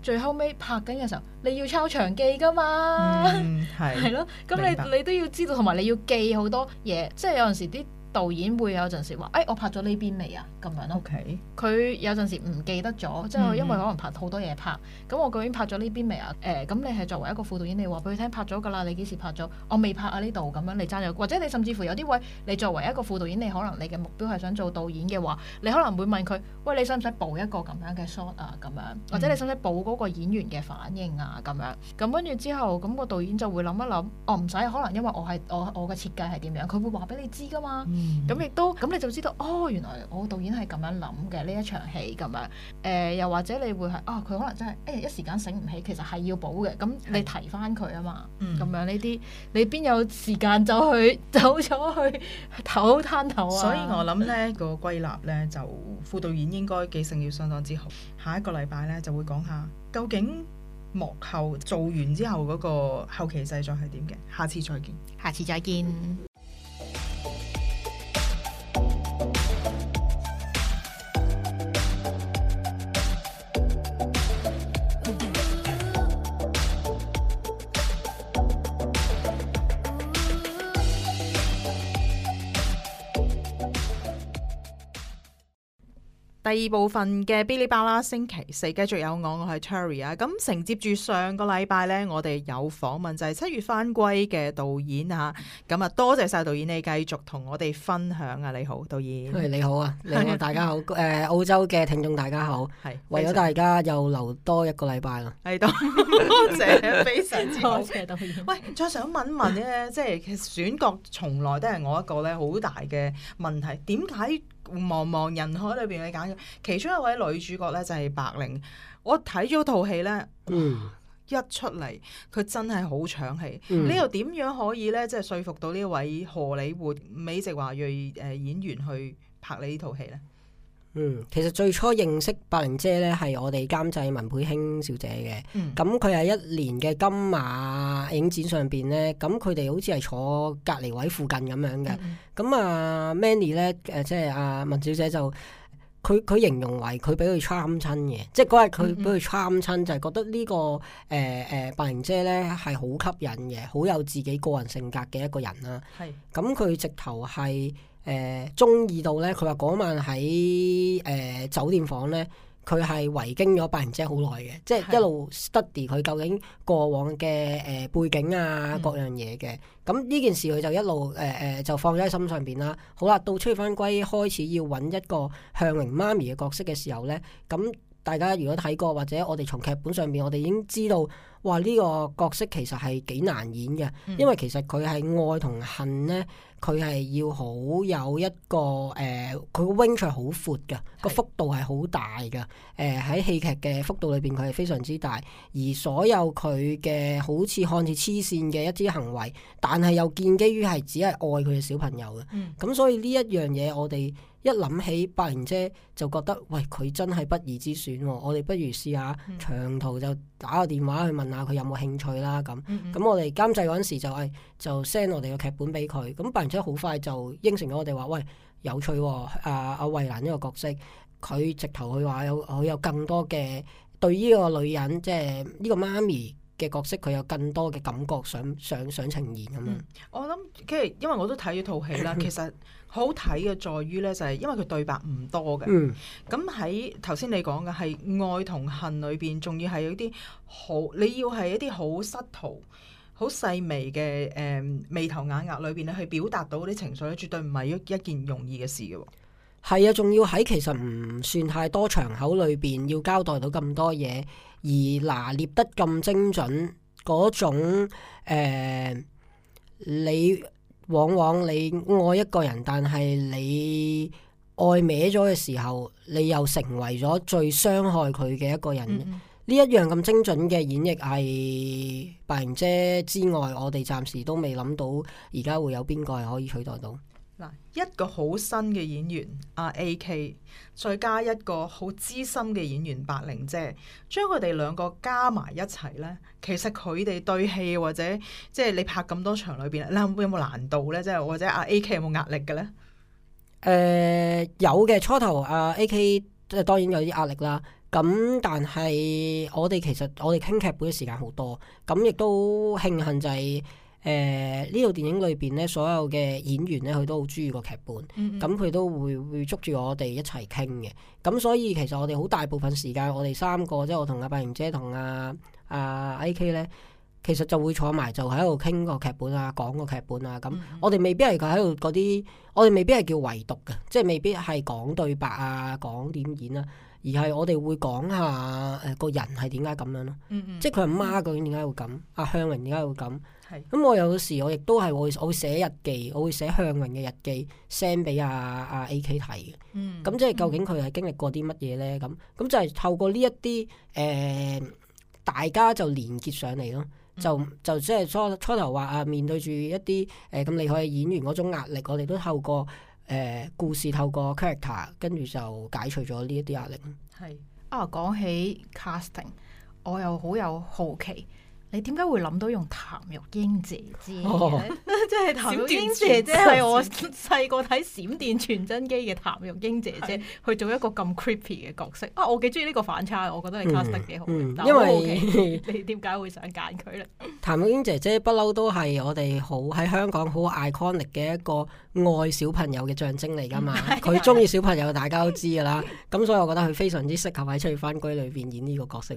最後尾拍緊嘅時候，你要抄場記㗎嘛。係、嗯。係咯。咁 你白你都要知道，同埋你要記好多嘢，即係有陣時啲。導演會有陣時話：，誒、哎，我拍咗呢邊未啊？咁樣，O K。佢 Okay. 有陣時唔記得咗，即係因為可能拍好多嘢拍，咁、mm hmm. 我究竟拍咗呢邊未啊？誒、呃，咁你係作為一個副導演，你話俾佢聽，拍咗㗎啦，你幾時拍咗？我、哦、未拍啊呢度，咁樣你爭嘅。或者你甚至乎有啲位，你作為一個副導演，你可能你嘅目標係想做導演嘅話，你可能會問佢：，喂，你想唔想補一個咁樣嘅 shot 啊？咁樣，mm hmm. 或者你想唔想補嗰個演員嘅反應啊？咁樣，咁跟住之後，咁個導演就會諗一諗，我唔使，可能因為我係我我嘅設計係點樣，佢會話俾你知㗎嘛。Mm hmm. 咁亦、嗯、都，咁你就知道哦，原來我導演係咁樣諗嘅呢一場戲咁樣。誒、呃，又或者你會係啊，佢、哦、可能真係誒、哎、一時間醒唔起，其實係要補嘅。咁你提翻佢啊嘛，咁的樣呢啲、嗯，你邊有時間就去、嗯、走咗去唞攤抖啊？所以我諗
呢、呢個歸納呢，就副導演應該記性要相當之好。下一個禮拜呢，就會講下究竟幕後做完之後嗰個後期製作係點嘅。下次再見。下次再見。嗯第二部分嘅嗶哩吧啦，星期四繼續有我，我係 Terry 啊。咁承接住上個禮拜咧，我哋有訪問就係七月翻歸嘅導演吓。咁啊，多謝晒導演你繼續同我哋分享啊。你好，導演。係，你好啊，你好、啊、 大家好。
誒、呃，澳洲嘅聽眾大家好。係是為咗大家又留多一個禮拜啦。
係，多謝非常之多 謝導演。喂，再想問一問咧，即係其實選角從來都係我一個咧好大嘅問題，點解？茫茫人海裏邊，你揀其中一位女主角咧就係、是、白靈。我睇咗套戲咧，一出嚟佢真係好搶戲。嗯、你又點樣可以咧，即、就、係、是、說服到呢位荷里活美籍華裔誒演員去拍你呢套戲咧？
嗯，其實最初認識白靈姐咧，係我哋監製文佩卿小姐嘅。咁佢係一年嘅金馬影展上邊咧，咁佢哋好似係坐隔籬位附近咁樣嘅。咁、嗯、啊，Manny 咧，誒、呃，即係阿、啊、文小姐就，佢佢形容為佢俾佢 charm 親嘅，即係嗰日佢俾佢 charm 親就係覺得、這個呃、呢個誒誒白靈姐咧係好吸引嘅，好有自己個人性格嘅一個人啦。係是，咁佢直頭係。誒、呃、中意到咧，佢話嗰晚喺誒、呃、酒店房咧，佢係圍經咗八人姐好耐嘅，的即係一路 study 佢究竟過往嘅誒、呃、背景啊、嗯、各樣嘢嘅。咁呢件事佢就一路誒誒、呃呃、就放咗喺心上邊啦。好啦，到吹返歸開始要揾一個向榮媽咪嘅角色嘅時候咧，咁大家如果睇過或者我哋從劇本上邊，我哋已經知道。哇！呢、這個角色其實係幾難演嘅，嗯、因為其實佢係愛同恨呢佢係要好有一個誒，佢嘅 range 係好闊嘅，er、是個幅度係好大嘅。誒喺戲劇嘅幅度裏邊，佢係非常之大。而所有佢嘅好似看似黐線嘅一啲行為，但係又建基於係只係愛佢嘅小朋友嘅。咁、嗯、所以呢一樣嘢，我哋一諗起白靈姐，就覺得喂，佢真係不二之選、哦。我哋不如試下長途就。嗯打個電話去問下佢有冇興趣啦，咁咁、嗯嗯、我哋監製嗰陣時就誒、哎、就 send 我哋個劇本俾佢，咁扮完出好快就應承咗我哋話喂有趣、哦，阿阿衛蘭呢個角色，佢直頭佢話有佢有更多嘅對呢個女人，即係呢個媽咪。嘅角色佢有更多嘅感覺，想想想呈現咁、嗯，我
諗，即係因為我都睇咗套戲啦， 其實好睇嘅在於咧就係、是，因為佢對白唔多嘅，咁喺頭先你講嘅係愛同恨裏邊，仲要係一啲好你要係一啲好失圖、好細微嘅誒眉頭眼額裏邊咧去表達到啲情緒咧，絕對唔係一一件容易嘅事嘅。係啊，仲要
喺其實唔算太多場口裏邊要交代到咁多嘢，而拿捏得咁精準嗰種，誒、呃，你往往你愛一個人，但係你愛歪咗嘅時候，你又成為咗最傷害佢嘅一個人。呢一、嗯嗯、樣咁精準嘅演繹係白人姐之外，我哋暫時都未諗到而家會有邊個係可以取代到。
一個好新嘅演員阿 A K，再加一個好資深嘅演員白玲姐，將佢哋兩個加埋一齊咧，其實佢哋對戲或者即係你拍咁多場裏邊，你有冇難度咧？即係或者阿 A K 有冇壓力嘅咧？誒、呃，有嘅，初
頭阿、啊、A K，當然有啲壓力啦。咁但係我哋其實我哋傾劇本嘅時間好多，咁亦都慶幸就係、是。誒呢套電影裏邊咧，所有嘅演員咧，佢都好中意個劇本，咁佢、嗯嗯、都會會捉住我哋一齊傾嘅。咁、嗯嗯、所以其實我哋好大部分時間，我哋三個即係我同阿白盈姐同阿阿 A K 咧，其實就會坐埋就喺度傾個劇本啊，講個劇本啊。咁、嗯嗯、我哋未必係佢喺度嗰啲，我哋未必係叫圍讀嘅，即係未必係講對白啊，講點演啊。而係我哋會講下誒個、呃、人係點解咁樣咯，嗯嗯、即係佢阿媽究竟點解會咁，阿、嗯、向雲點解會咁，咁是我有時我亦都係我會我會寫日記，我會寫向雲嘅日記 send 俾阿阿 A K 睇嘅，咁、啊啊嗯、即係究竟佢係經歷過啲乜嘢呢？咁咁、嗯、就係透過呢一啲誒，大家就連結上嚟咯、嗯，就就即係初初頭話啊面對住一啲誒咁厲害嘅演員嗰種壓力，我哋都透過。誒、呃、故事透過 character，跟住就解除咗呢一啲壓力。
係啊，講、哦、起 casting，我又好有好奇。你點解會諗到用譚玉英姐姐？即係、哦、 譚玉英姐姐係我細個睇《閃電傳真機》嘅譚玉英姐姐去做一個咁 creepy 嘅角色、嗯、啊！我幾中意呢個反差，我覺得你 cast 得幾好、嗯嗯。因為、哦、okay, 你點解會想揀佢咧？
譚玉英姐姐不嬲都係我哋好喺香港好 iconic 嘅一個愛小朋友嘅象徵嚟㗎嘛。佢中意小朋友，大家都知㗎啦。咁 所以我覺得佢非常之適合喺《七月返歸》裏邊演呢個角色。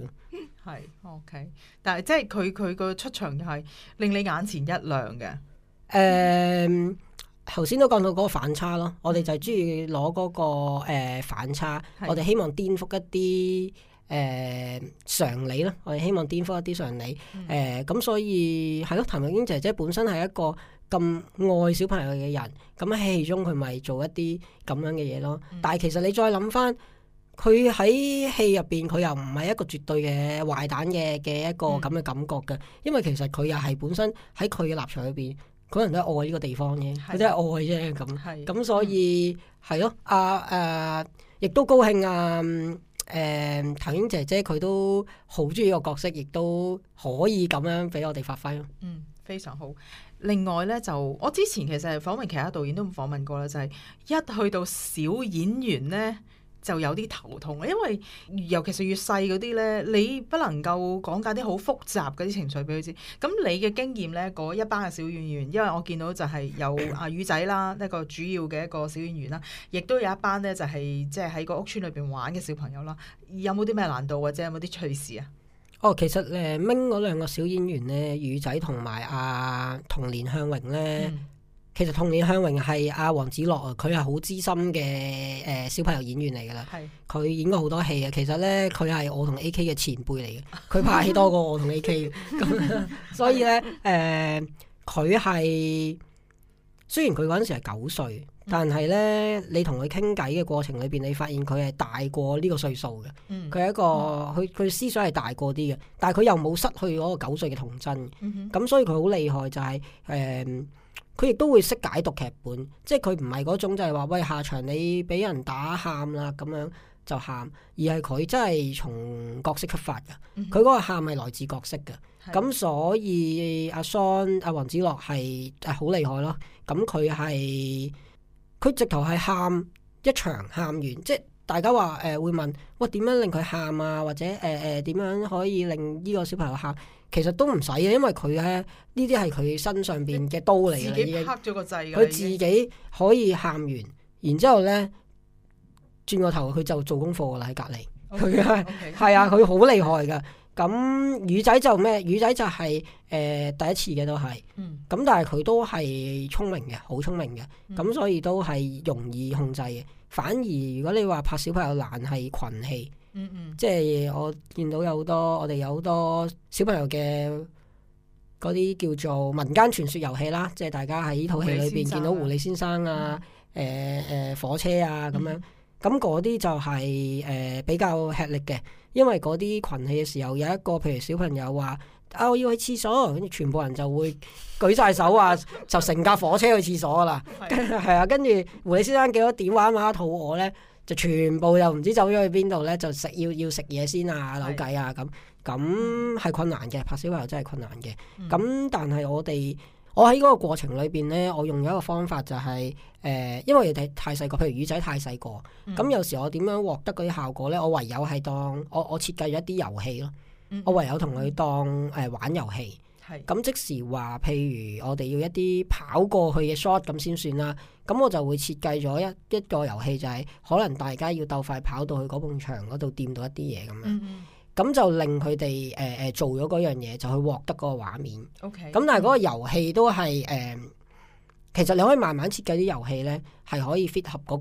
係，OK，但係即係佢佢個出場又係令你眼前一亮嘅、呃。誒，
頭先都講到嗰個反差咯，我哋就係中意攞嗰個誒、嗯呃、反差，我哋希望顛覆一啲誒、呃、常理咯，我哋希望顛覆一啲常理。誒、嗯呃，咁所以係咯，譚玉瑛,英姐姐本身係一個咁愛小朋友嘅人，咁喺戲中佢咪做一啲咁樣嘅嘢咯。但係其實你再諗翻。佢喺戲入邊，佢又唔係一個絕對嘅壞蛋嘅嘅一個咁嘅感覺嘅，嗯、因為其實佢又係本身喺佢嘅立場裏邊，可能都愛呢個地方嘅，佢都係愛啫咁。咁所以係咯，阿誒亦都高興啊！誒、啊，譚穎姐姐佢都好中意呢個角色，
亦都可以咁樣俾我哋發揮。嗯，非常好。另外咧，就我之前其實訪問其他導演都冇訪問過啦，就係、是、一去到小演員咧，就有啲頭痛，因為尤其是越細嗰啲咧，你不能夠講解啲好複雜嗰啲情緒俾佢知。咁你嘅經驗咧，嗰一班嘅小演員，因為我見到就係有阿、啊、雨仔啦，一個主要嘅一個小演員啦，亦都有一班咧就係即係喺個屋村裏邊玩嘅小朋友啦。有冇啲咩難度或者有冇啲趣事啊？哦，
其實誒，掹嗰兩個小演員咧，雨仔同埋阿童年向榮咧。嗯其實童年香榮係阿黃子樂啊，佢係好資深嘅誒、呃、小朋友演員嚟噶啦。佢是演過好多戲啊。其實呢，佢係我同 A K 嘅前輩嚟嘅。佢拍戲多過我同 A K 咁， 所以呢，誒、呃，佢係雖然佢嗰陣時係九歲，但係呢，嗯、你同佢傾偈嘅過程裏邊，你發現佢係大過呢個歲數嘅。佢係、嗯、一個，佢佢、嗯、思想係大過啲嘅，但係佢又冇失去嗰個九歲嘅童真。咁、嗯、哼所以佢好厲害、就是，就係誒。佢亦都會識解讀劇本，即係佢唔係嗰種就係話喂，下場你俾人打，喊啦，咁樣就喊，而係佢真係從角色出發嘅。佢嗰、嗯、哼個喊係來自角色嘅，咁的所以阿 Son 阿黃子樂係好厲害咯。咁佢係佢直頭係喊一場喊完，即係大家話誒、呃、會問喂，點、呃、樣令佢喊啊，或者誒誒點樣可以令呢個小朋友喊？其實都唔使嘅，因為佢咧呢啲係佢身上邊嘅刀嚟嘅，自己拍
咗個掣。佢自
己可以喊完， 然之後咧轉個頭，佢就做功課啦喺隔籬。佢係啊，佢好厲害噶。咁魚、嗯、仔就咩？魚仔就係、是、誒、呃、第一次嘅都係。咁、嗯、但係佢都係聰明嘅，好聰明嘅。咁、嗯、所以都係容易控制嘅。反而如果你話拍小朋友難，係群戲。嗯嗯，即係我見到有好多，我哋有好多小朋友嘅嗰啲叫做民間傳說遊戲啦，即係大家喺呢套戲裏邊見到狐狸先生啊，誒誒、嗯呃呃、火車啊咁樣，咁嗰啲就係、是、誒、呃、比較吃力嘅，因為嗰啲群戲嘅時候，有一個譬如小朋友話啊我要去廁所，跟住全部人就會舉晒手啊， 就成架火車去廁所噶啦，係啊的， 跟住狐狸先生幾多點玩玩肚餓咧？就全部又唔知走咗去邊度呢？就食要要食嘢先啊，扭計啊，咁咁係困難嘅，嗯、拍小朋友真係困難嘅。咁、嗯、但係我哋，我喺嗰個過程裏邊呢，我用咗一個方法就係、是，誒、呃，因為太細個，譬如魚仔太細個，咁、嗯、有時我點樣獲得嗰啲效果呢？我唯有係當我我設計咗一啲遊戲咯，我唯有同佢當誒、呃、玩遊戲。咁即時話，譬如我哋要一啲跑過去嘅 shot 咁先算啦。咁我就會設計咗一一個遊戲，就係可能大家要鬥快跑到去嗰埲牆嗰度掂到一啲嘢咁樣。咁、嗯、哼就令佢哋誒誒做咗嗰樣嘢，就去獲得嗰個畫面。咁 Okay, 但係嗰個遊戲都係誒，呃嗯、其實你可以慢慢設計啲遊戲咧，係可以 fit 合嗰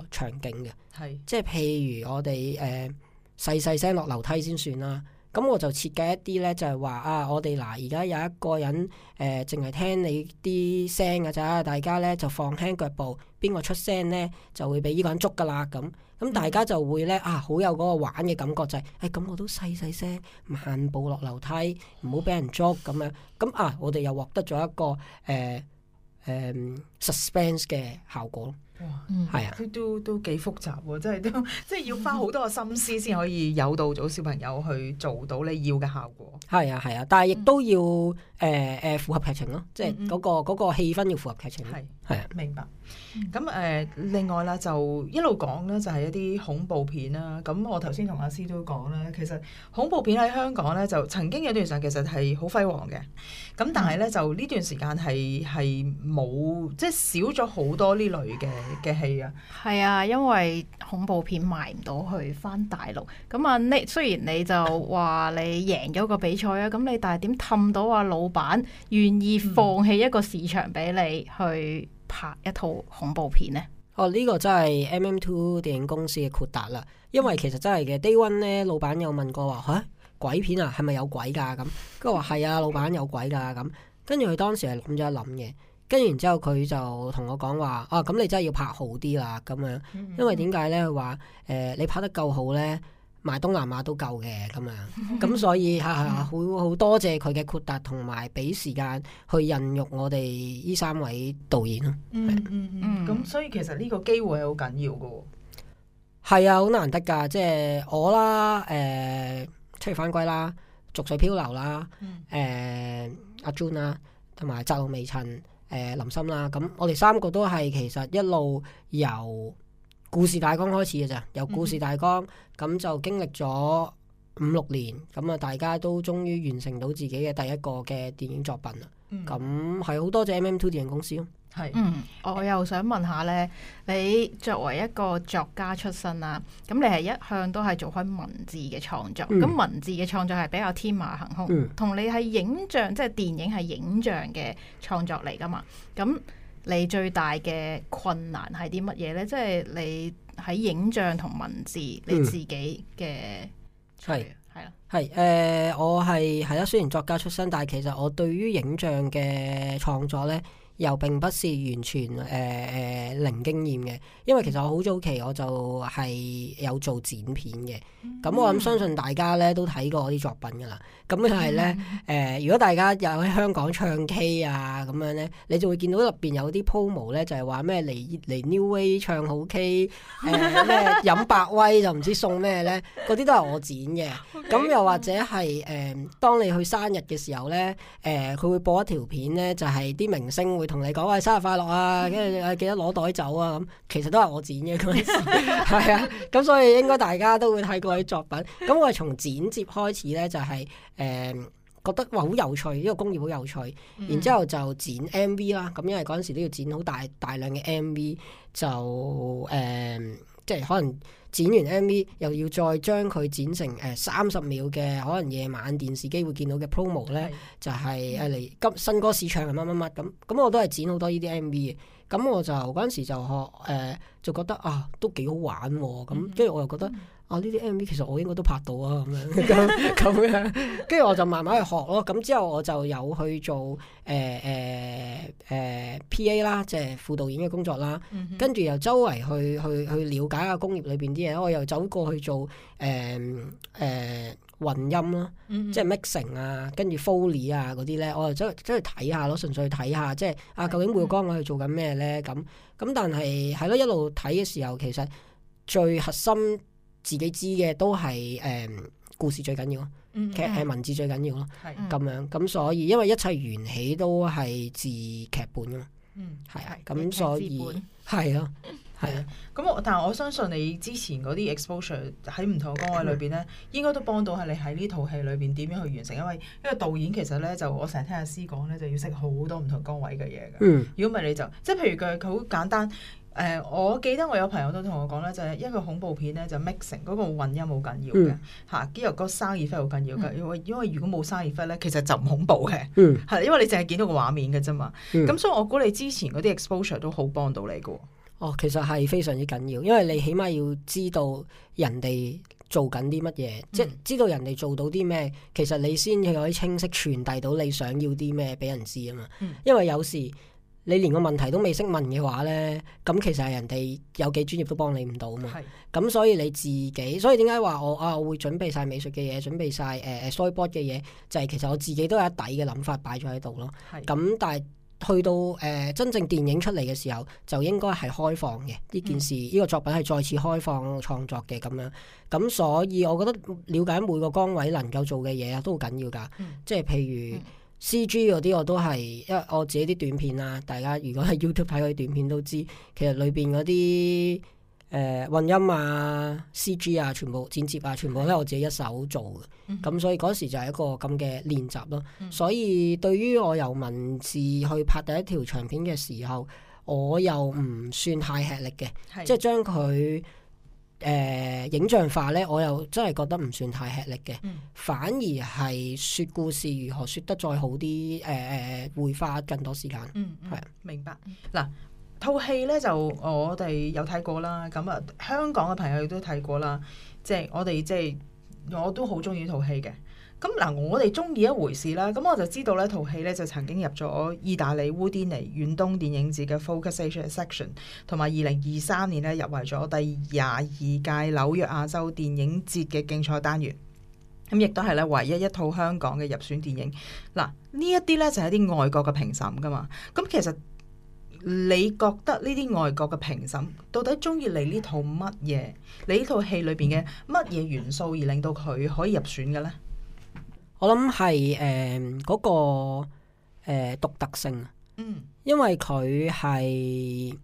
個場景嘅。係是即係譬如我哋誒細細聲落樓梯先算啦。咁、嗯、我就設計一啲咧，就係話啊，我哋嗱而家有一個人誒，淨、呃、係聽你啲聲嘅咋。大家咧就放輕腳步，邊個出聲咧就會俾依個人捉㗎啦。咁咁、嗯、大家就會咧啊，好有嗰個玩嘅感覺就係、是，誒、哎、咁、嗯、我都細細聲慢步落樓梯，唔好俾人捉。咁樣。咁、嗯、啊，我哋又獲得咗一個誒誒、呃
呃、suspense 嘅效果。係哇、嗯、啊，都都都幾複雜喎，啊！即係都即係要花好多嘅心思，先可以有到咗小朋友去做到你要嘅效果。係啊係啊，但係
亦都要誒誒、嗯呃，符合
劇情咯，啊，即係嗰、那個嗰、
嗯那個氣、那個、氛要
符合劇情咯。係係是啊，明白。咁誒、嗯呃，另外咧就一路講咧就係、是、一啲恐怖片啦、啊。咁我頭先同阿詩都講啦，其實恐怖片喺香港咧就曾經有一段，段時間其實係好輝煌嘅，咁但係咧就呢段時間係係冇即係少咗好多呢類嘅嘅戲啊，
係啊，因為恐怖片賣唔到去返大陸，咁啊，你雖然你就話你贏咗個比賽啊，咁 你但係點氹到啊老闆願意放棄一個市場俾你去拍一套恐怖片呢？
嗯、哦，呢、呢個真係 MM Two 電影公司嘅豁達啦，因為其實真係嘅，Day One 咧，老闆有問過話吓、啊，鬼片啊，係咪有鬼噶咁？跟住話係啊，老闆有鬼噶咁，跟住佢當時係諗咗一諗嘅。跟然之後佢就同我講話，啊咁你真係要拍好啲啦，咁樣，因為點解呢？佢話誒你拍得夠好呢，賣東南亞都夠嘅咁樣，咁所以嚇好好多謝佢嘅豁達同埋俾時間去孕育我哋呢三位
導演咯。咁所以其實呢個機會係好緊要嘅。
係啊，好難得噶，即係我啦，誒、呃，七月返歸啦，逐水漂流啦，誒、呃，阿、嗯啊、June 同埋澤美陳。呃、林森啦，咁我哋三個都係其實一路由故事大綱開始嘅咋，由故事大綱咁、嗯、就經歷咗五六年，咁啊大家都終於完成到自己嘅第一個嘅電影作品啦，咁係好多謝 MM2 電影公司
咯。
嗯，
我又想問下咧，你作為一個作家出身啦，咁你係一向都係做開文字嘅創作，咁、嗯、文字嘅創作係比較天馬行空，嗯、同你係影像即係電影係影像嘅創作嚟㗎嘛？咁你最大嘅困難係啲乜嘢咧？即係你喺影像同文字、嗯、你自己嘅係係啊，係誒，我係
係啦。雖然作家出身，但係其實我對於影像嘅創作咧。又並不是完全誒誒、呃呃、零經驗嘅，因為其實我好早期我就係有做剪片嘅，咁、嗯、我諗相信大家咧都睇過我啲作品㗎啦。咁就係咧誒，如果大家又喺香港唱 K 啊咁樣咧，你就會見到入邊有啲 promo 咧，就係話咩嚟嚟 Neway 唱好 K，誒咩飲百威就唔知送咩咧，嗰啲 都係我剪嘅。咁 Okay. 又或者係誒、呃、當你去生日嘅時候咧，誒、呃、佢會播一條片咧，就係、是、啲明星會。同你講話生日快樂啊，跟住記得攞袋走啊咁，其實都係我剪嘅嗰陣時，係 啊，咁所以應該大家都會睇過啲作品。咁我係從剪接開始咧、就是，就係誒覺得哇好有趣，呢個工業好有趣。然之後就剪 M V 啦、啊，咁因為嗰陣時都要剪好大大量嘅 M V，就誒、呃、即係可能。剪完 M V 又要再將佢剪成誒三十秒嘅，可能夜晚電視機會見到嘅 promo 咧，對就係誒嚟急新歌試唱啊乜乜乜咁，咁我都係剪好多呢啲 M V 嘅，咁我就嗰陣時就學誒、呃，就覺得啊都幾好玩喎，咁跟住我又覺得、嗯、啊呢啲 M V 其實我應該都拍到啊咁樣咁樣，跟住 我就慢慢去學咯，咁之後我就有去做誒誒誒。呃呃呃呃呃呃 P.A. 啦，即係副導演嘅工作啦，跟住又周圍去去去了解下工業裏邊啲嘢，我又走過去做誒誒混音咯，嗯、哼即係 mixing 啊，跟住 foley 啊嗰啲咧，我又走去走去睇下咯，純粹去睇下，即係啊究竟每個崗位係做緊咩咧？咁咁但係係咯，一路睇嘅時候，其實最核心自己知嘅都係誒、呃、故事最緊要咯，
劇係、嗯、哼文
字最緊要咯，咁、嗯哼嗯、樣咁所以因為一切緣起都係自劇本噶。嗯，係係咁所以，係啊，係啊，
咁、 啊、但係我相信你之前嗰啲 exposure 喺唔同嘅崗位裏邊咧，應該都幫到係你喺呢套戲裏邊點樣去完成，因為因為導演其實咧就我成日聽阿師講咧，就要識好多唔同崗位嘅嘢㗎，嗯，如果唔係你就即係譬如佢好簡單。誒、呃，我記得我有朋友都同我講咧，就係、是、一個恐怖片咧，就是、mixing 嗰個混音好緊要嘅，嚇、嗯，跟住又個 sound effect 好緊要嘅。因為、嗯、因為如果冇 sound effect 咧，其實就唔恐怖嘅，係、嗯、因為你淨係見到個畫面嘅啫嘛。咁、嗯、所以我估你之前嗰啲 exposure 都好幫到你嘅、哦。哦，其實係非常之緊要，因為你起碼要知
道人哋做緊啲乜嘢，嗯、即係知道人哋做到啲咩，其實你先至可以清晰傳遞到你想要啲咩俾人知啊嘛。嗯、因為有時。你連個問題都未識問嘅話呢，咁其實係人哋有幾專業都幫你唔到嘛。係的。咁所以你自己，所以點解話我啊，我會準備晒美術嘅嘢，準備晒誒誒 Storyboard 嘅嘢，就係、是、其實我自己都有一底嘅諗法擺咗喺度咯。係的。咁但係去到誒、呃、真正電影出嚟嘅時候，就應該係開放嘅呢件事，呢、嗯、個作品係再次開放創作嘅咁樣。咁所以我覺得了解每個崗位能夠做嘅嘢啊都好緊要㗎。嗯、即係譬如。嗯 CG 嗰啲我都係，因為我自己啲短片啊，大家如果喺 YouTube 睇啲短片都知，其實裏邊嗰啲誒混音啊、CG 啊，全部剪接啊，全部都係我自己一手做嘅。咁、嗯、哼所以嗰時就係一個咁嘅練習咯。嗯、哼所以對於我由文字去拍第一條長片嘅時候，我又唔算太吃力嘅，即係將佢。誒、呃，影像化咧，我又真係覺得唔算太吃力嘅。嗯、反而係說故事如何說得再好啲，誒、呃、誒、會、呃、花更多時間。嗯，嗯，係啊，
明白。嗱，套戲咧，就我哋有睇過啦，咁啊，香港嘅朋友亦都睇過啦，即係我哋即係我都好中意套戲嘅。咁嗱、嗯，我哋中意一回事啦。咁、嗯、我就知道呢套戲咧就曾經入咗意大利烏甸尼遠東電影節嘅 Focus Asia Section，同埋二零二三年咧入圍咗第二十二屆紐約亞洲電影節嘅競賽單元。咁亦都係咧唯一一套香港嘅入選電影。嗱，呢、就是、一啲咧就係啲外國嘅評審噶嘛。咁、嗯、其實你覺得呢啲外國嘅評審到底中意你呢套乜嘢？你呢套戲裏邊嘅乜嘢元素而令到佢可以入選嘅咧？我諗
係誒嗰個誒獨特性啊，因為佢係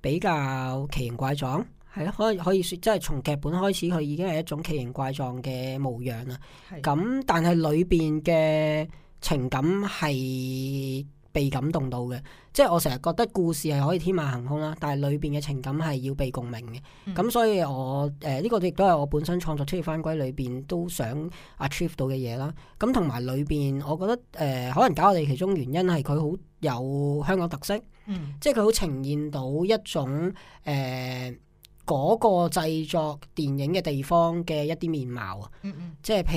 比較奇形怪狀，係咯，可以可以說，即係從劇本開始佢已經係一種奇形怪狀嘅模樣啦。咁但係裏邊嘅情感係。被感動到嘅，即係我成日覺得故事係可以天馬行空啦，但係裏邊嘅情感係要被共鳴嘅。咁、嗯、所以我誒呢、呃這個亦都係我本身創作《七月返歸》裏邊都想 achieve 到嘅嘢啦。咁同埋裏邊，我覺得誒、呃、可能搞我哋其中原因係佢好有香港特色，嗯、即係佢好呈現到一種誒。呃嗰個製作電影嘅地方嘅一啲面貌啊，嗯嗯、即係譬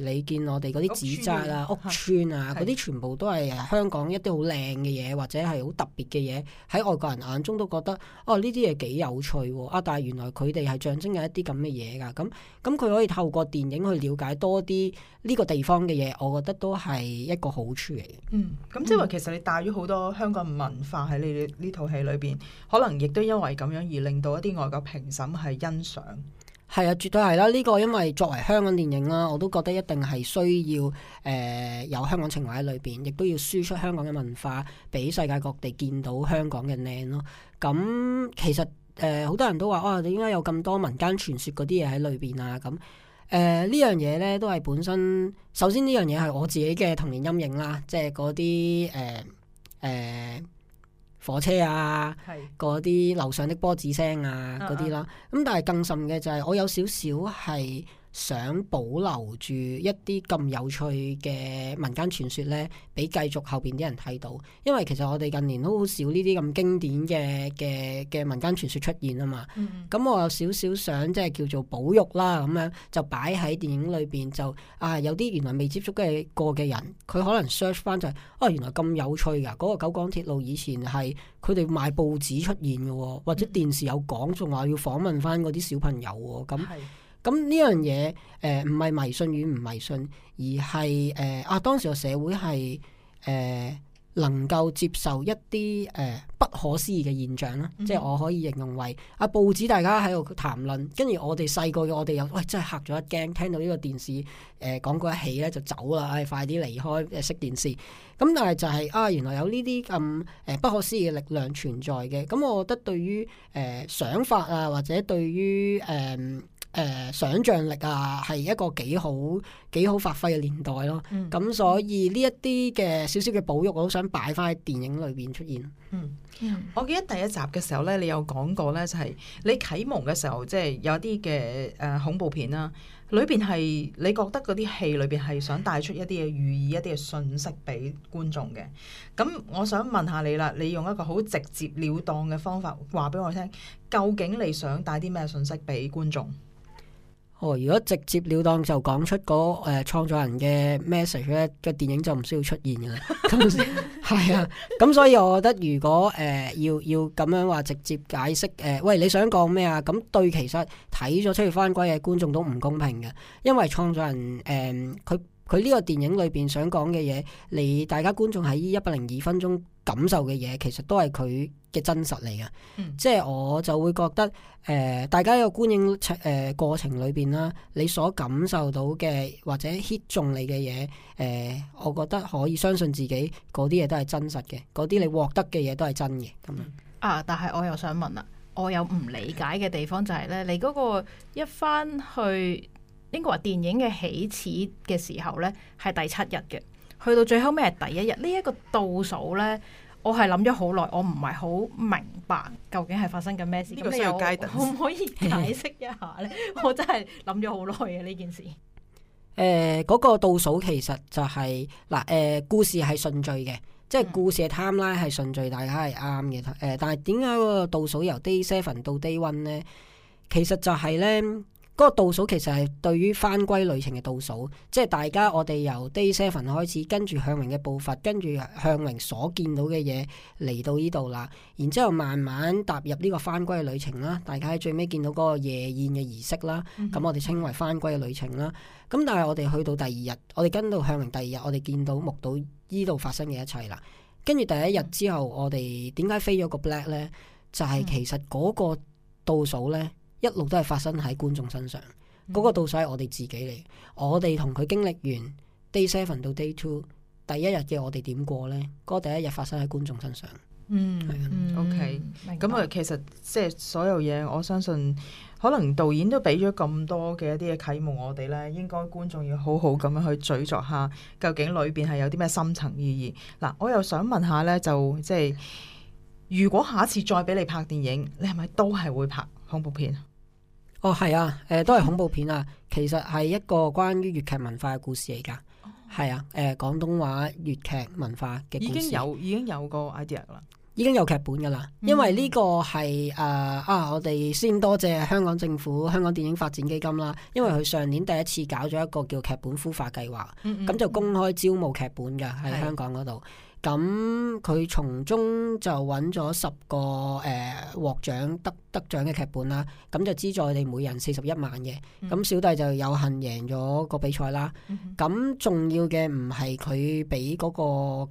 如你見我哋嗰啲紙紮啊、屋邨啊，嗰啲、啊、的全部都係香港一啲好靚嘅嘢，或者係好特別嘅嘢，喺外國人眼中都覺得哦，呢啲嘢幾有趣喎啊！但係原來佢哋係象徵一啲咁嘅嘢㗎，咁咁佢可以透過電影去了解多啲呢個地方嘅嘢，我
覺得都係一個好處嚟嘅。嗯，咁即係話其實你帶咗好多香港文化喺你哋呢套戲裏邊，嗯、可能亦都因為咁樣而令到一啲外國評審係欣賞，
係啊，絕對係啦。呢、這個因為作為香港電影啦，我都覺得一定係需要誒、呃、有香港情懷喺裏邊，亦都要輸出香港嘅文化俾世界各地見到香港嘅靚咯。咁、嗯、其實誒好、呃、多人都話你點解有咁多民間傳說嗰啲嘢喺裏邊啊？咁誒呢樣嘢呢，都係本身首先呢樣嘢係我自己嘅童年陰影啦，即係嗰啲誒誒。呃呃火車啊，嗰啲是樓上的波子聲啊，嗰啲、啊、啦，咁但係更甚嘅就係我有少少係。想保留住一啲咁有趣嘅民間傳說呢，俾繼續後邊啲人睇到。因為其實我哋近年都好少呢啲咁經典嘅嘅嘅民間傳說出現啊嘛。咁、嗯、我有少少想即係叫做保育啦，咁樣就擺喺電影裏邊就啊，有啲原來未接觸嘅過嘅人，佢可能 search 翻就係、啊，原來咁有趣噶！嗰、那個九廣鐵路以前係佢哋賣報紙出現嘅喎、哦，或者電視有講，仲話要訪問翻嗰啲小朋友喎、哦。咁咁呢樣嘢，誒唔係迷信與唔迷信，而係誒啊當時個社會係誒、呃、能夠接受一啲誒、呃、不可思議嘅現象啦，即係我可以形容為啊報紙大家喺度談論，跟住我哋細個嘅我哋又喂、哎、真係嚇咗一驚，聽到呢個電視誒講嗰一起咧就走啦，唉快啲離開熄電視。咁但係就係啊原來有呢啲咁誒不可思議嘅力量存在嘅，咁我覺得對於誒想法啊或者對於誒、呃。誒、呃、想像力啊，係一個幾好幾好發揮嘅年代咯。咁、嗯、所以呢一啲嘅少少嘅保育，我都想擺翻喺電影裏
邊出現。嗯，我記得第一集嘅時候咧，你有講過咧，就係、是、你啟蒙嘅時候，即係有一啲嘅誒恐怖片啦，裏邊係你覺得嗰啲戲裏邊係想帶出一啲嘅寓意、一啲嘅信息俾觀眾嘅。咁我想問下你啦，你用一個好直接了當嘅方法話俾我聽，究竟你想帶啲咩信息俾觀眾？
哦，如果直接了當就講出嗰誒創作人嘅 message 咧，嘅電影就唔需要出現㗎喇，係 啊，咁所以我覺得如果誒、呃、要要咁樣話直接解釋誒、呃，喂你想講咩啊？咁對其實睇咗出去返歸嘅觀眾都唔公平嘅，因爲創作人誒佢佢呢個電影裏邊想講嘅嘢，你大家觀眾喺一百零二分鐘。感受嘅嘢，其實都係佢嘅真實嚟嘅。嗯、即係我就會覺得，誒、呃，大家有觀影誒、呃、過程裏邊啦，你所感受到嘅或者 hit 中你嘅嘢，誒、呃，我覺得可以相信自己嗰啲嘢都係真實嘅，嗰啲你獲得嘅嘢都係真嘅。咁
啊，但係我又想問啦，我有唔理解嘅地方就係、是、咧，你嗰個一翻去應該話電影嘅起始嘅時候咧，係第七日嘅。去到最後尾係第一日，呢、這、一個倒數呢，我係諗咗好耐，我唔係好明白究竟係發生緊咩事。呢個需要階段，可唔可以解釋一下呢？ 我真係諗咗好耐呀呢件事。誒、
呃，嗰、那個倒數其實就係、是、嗱，誒、呃呃、故事係順序嘅，即係故事嘅 timeline 係順序，大家係啱嘅。誒、呃，但係點解個倒數由 Day seven 到 Day one 呢？其實就係呢。嗰個倒數其實係對於返歸旅程嘅倒數，即係大家我哋由 day seven 開始，跟住向榮嘅步伐，跟住向榮所見到嘅嘢嚟到呢度啦，然之後慢慢踏入呢個返歸嘅旅程啦。大家喺最尾見到嗰個夜宴嘅儀式啦，咁、mm hmm. 我哋稱為返歸嘅旅程啦。咁但係我哋去到第二日，我哋跟到向榮第二日，我哋見到目睹呢度發生嘅一切啦。跟住第一日之後，我哋點解飛咗個 black 呢？就係其實嗰個倒數呢，一路都係發生喺觀眾身上，嗰、嗯、倒數係我哋自己嚟。嗯、我哋同佢經歷完 day seven 到 day two，第一日嘅我哋點過呢？嗰、那個第一日發生喺觀眾身上。
嗯，OK，咁啊，其實即係、就是、所有嘢，我相信可能導演都俾咗咁多嘅一啲嘅啟蒙我，我哋咧應該觀眾要好好咁樣去咀嚼下，究竟裏邊係有啲咩深層意義嗱？我又想問下咧，就即係、就是、如果下一次再俾你拍電影，你係咪都係會拍？恐怖片，哦，
係啊，誒、呃、都係恐怖片啊，嗯、其實係一個關於粵劇文化嘅故事嚟噶，係、哦、啊、誒、呃、廣東話粵劇文化嘅故事。已經有已經有個 idea 啦，已經有劇本噶啦，因為呢個係誒、呃、啊我哋先多謝，謝香港政府香港電影發展基金啦，因為佢上年第一次搞咗一個叫劇本孵化計劃，咁、嗯嗯嗯、就公開招募劇本噶喺、嗯嗯、香港嗰度。咁佢從中就揾咗十個誒、呃、獲獎得得獎嘅劇本啦，咁就資助你每人四十一萬嘅。咁、嗯、小弟就有幸贏咗個比賽啦。咁、嗯、哼重要嘅唔係佢俾嗰個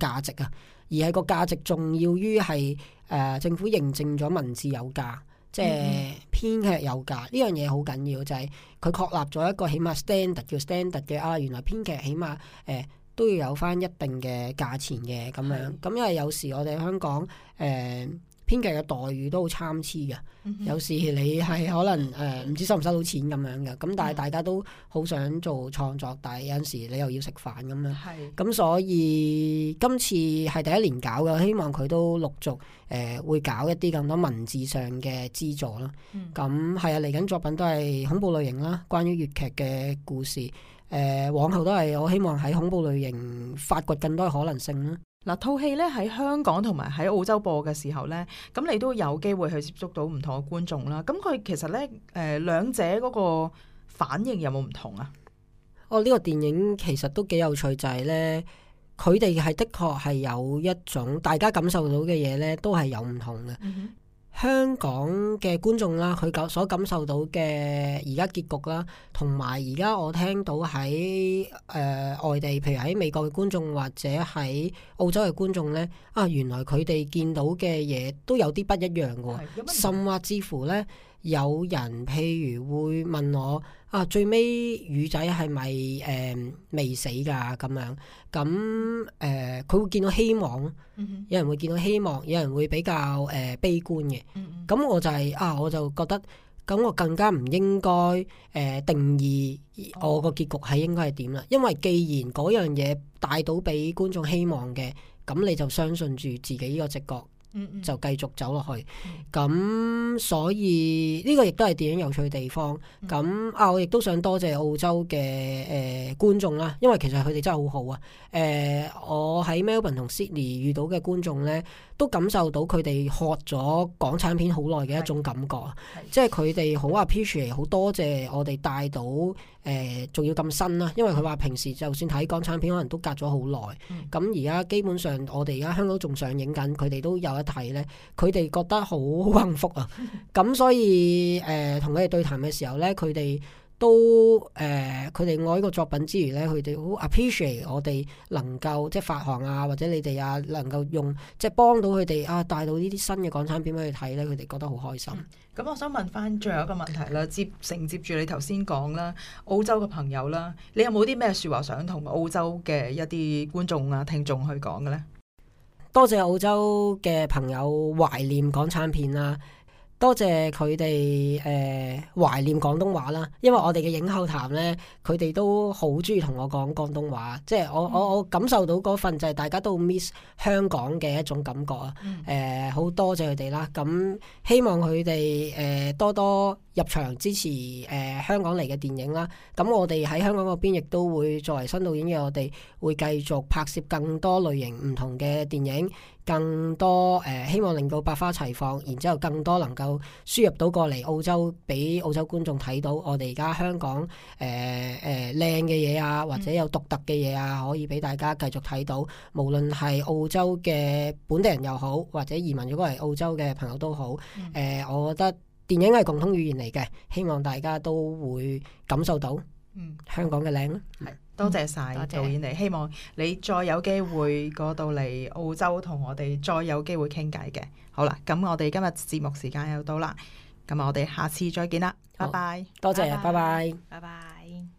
價值啊，而係個價值重要於係誒、呃、政府認證咗文字有價，即、就、係、是、編劇有價呢、嗯、哼樣嘢好緊要就係、是、佢確立咗一個起碼 standard 叫 standard 嘅啊，原來編劇起碼誒、呃都要有翻一定嘅價錢嘅咁樣，咁的因為有時我哋香港誒、呃、編劇嘅待遇都好參差嘅，嗯、哼有時你係可能誒唔、呃、知收唔收到錢咁樣嘅，咁但係大家都好想做創作，但係有陣時你又要食飯咁樣，咁的所以今次係第一年搞嘅，希望佢都陸續誒、呃、會搞一啲更多文字上嘅資助囉。咁係啊，嚟緊作品都係恐怖類型啦，關於粵劇嘅故事。誒、呃，往後都係我希望喺恐怖
類型發掘更多嘅可能性啦。嗱、啊，套戲咧喺香港同埋喺澳洲播嘅時候咧，咁你都有機會去接觸到唔同嘅觀眾啦。咁佢其實咧，誒、呃，兩者嗰個反應有冇唔同啊？哦，呢、這個電影其實都幾有趣，就
是，就係咧，佢哋係的確係有一種大家感受到嘅嘢咧，都係有唔同嘅。香港嘅觀眾啦，佢感所感受到嘅而家結局啦，同埋而家我聽到喺誒、呃、外地，譬如喺美國嘅觀眾或者喺澳洲嘅觀眾呢，啊，原來佢哋見到嘅嘢都有啲不一樣嘅喎，甚至乎呢，有人譬如會問我。啊！最尾魚仔係咪誒未死噶、啊，咁樣，咁誒佢會見到希望，mm hmm. 有人會見到希望，有人會比較誒、呃、悲觀嘅。咁、mm hmm. 我就係、是、啊，我就覺得咁，我更加唔應該誒、呃、定義我個結局係應該係點啦。因為既然樣嘢帶到俾觀眾希望嘅，咁你就相信住自己呢個直覺。就繼續走落去，咁、嗯、所以呢、呢個亦都係電影有趣嘅地方。咁啊，我亦都想多謝澳洲嘅誒、呃、觀眾啦，因為其實佢哋真係好好啊。誒、呃，我喺 Melbourne 同 Sydney 遇到嘅觀眾呢，都感受到佢哋學咗港產片好耐嘅一種感覺，嗯、即係佢哋好啊 appreciate 好多謝我哋帶到。誒仲要咁新啦，因為佢話平時就算睇港產片，可能都隔咗好耐。咁而家基本上我哋而家香港仲上映緊，佢哋都有得睇呢，佢哋覺得好幸福啊！咁 所以誒，同佢哋對談嘅時候呢，佢哋。都誒，佢哋愛呢個作品之餘咧，佢哋好 appreciate 我哋能夠即係發行啊，或者你哋啊，能夠用即係幫到佢哋啊，帶到呢啲新嘅港產片畀佢睇咧，佢哋覺得好開心。
咁、嗯、我想問翻最後一個問題啦，接承接住你頭先講啦，澳洲嘅朋友啦，你有冇啲咩説話想同澳洲嘅一啲觀眾啊、聽眾去講嘅咧？
多謝澳洲嘅朋友懷念港產片啊！多謝佢哋誒懷念廣東話啦，因為我哋嘅影後談呢，佢哋都好中意同我講廣東話，即係我、嗯、我我感受到嗰份就係大家都 miss 香港嘅一種感覺啊！誒、嗯，好、呃、多謝佢哋啦，咁希望佢哋誒多多入場支持誒、呃、香港嚟嘅電影啦。咁我哋喺香港嗰邊亦都會作為新導演嘅我哋，會繼續拍攝更多類型唔同嘅電影。更多誒、呃，希望令到百花齊放，然之後更多能夠輸入到過嚟澳洲，俾澳洲觀眾睇到我哋而家香港誒誒靚嘅嘢啊，或者有獨特嘅嘢啊，可以俾大家繼續睇到。無論係澳洲嘅本地人又好，或者移民咗過嚟澳洲嘅朋友都好，誒、嗯呃，我覺得電影係共通語言嚟嘅，希望大家
都會感受到香港嘅靚啊。嗯嗯。多謝晒導演你，嗯、希望你再有機會過到嚟澳洲同我哋再有機會傾偈嘅。好啦，咁我哋今日節目時間又到啦，咁我哋下次再見啦，好拜拜，多謝啊，拜拜，拜拜。
拜拜。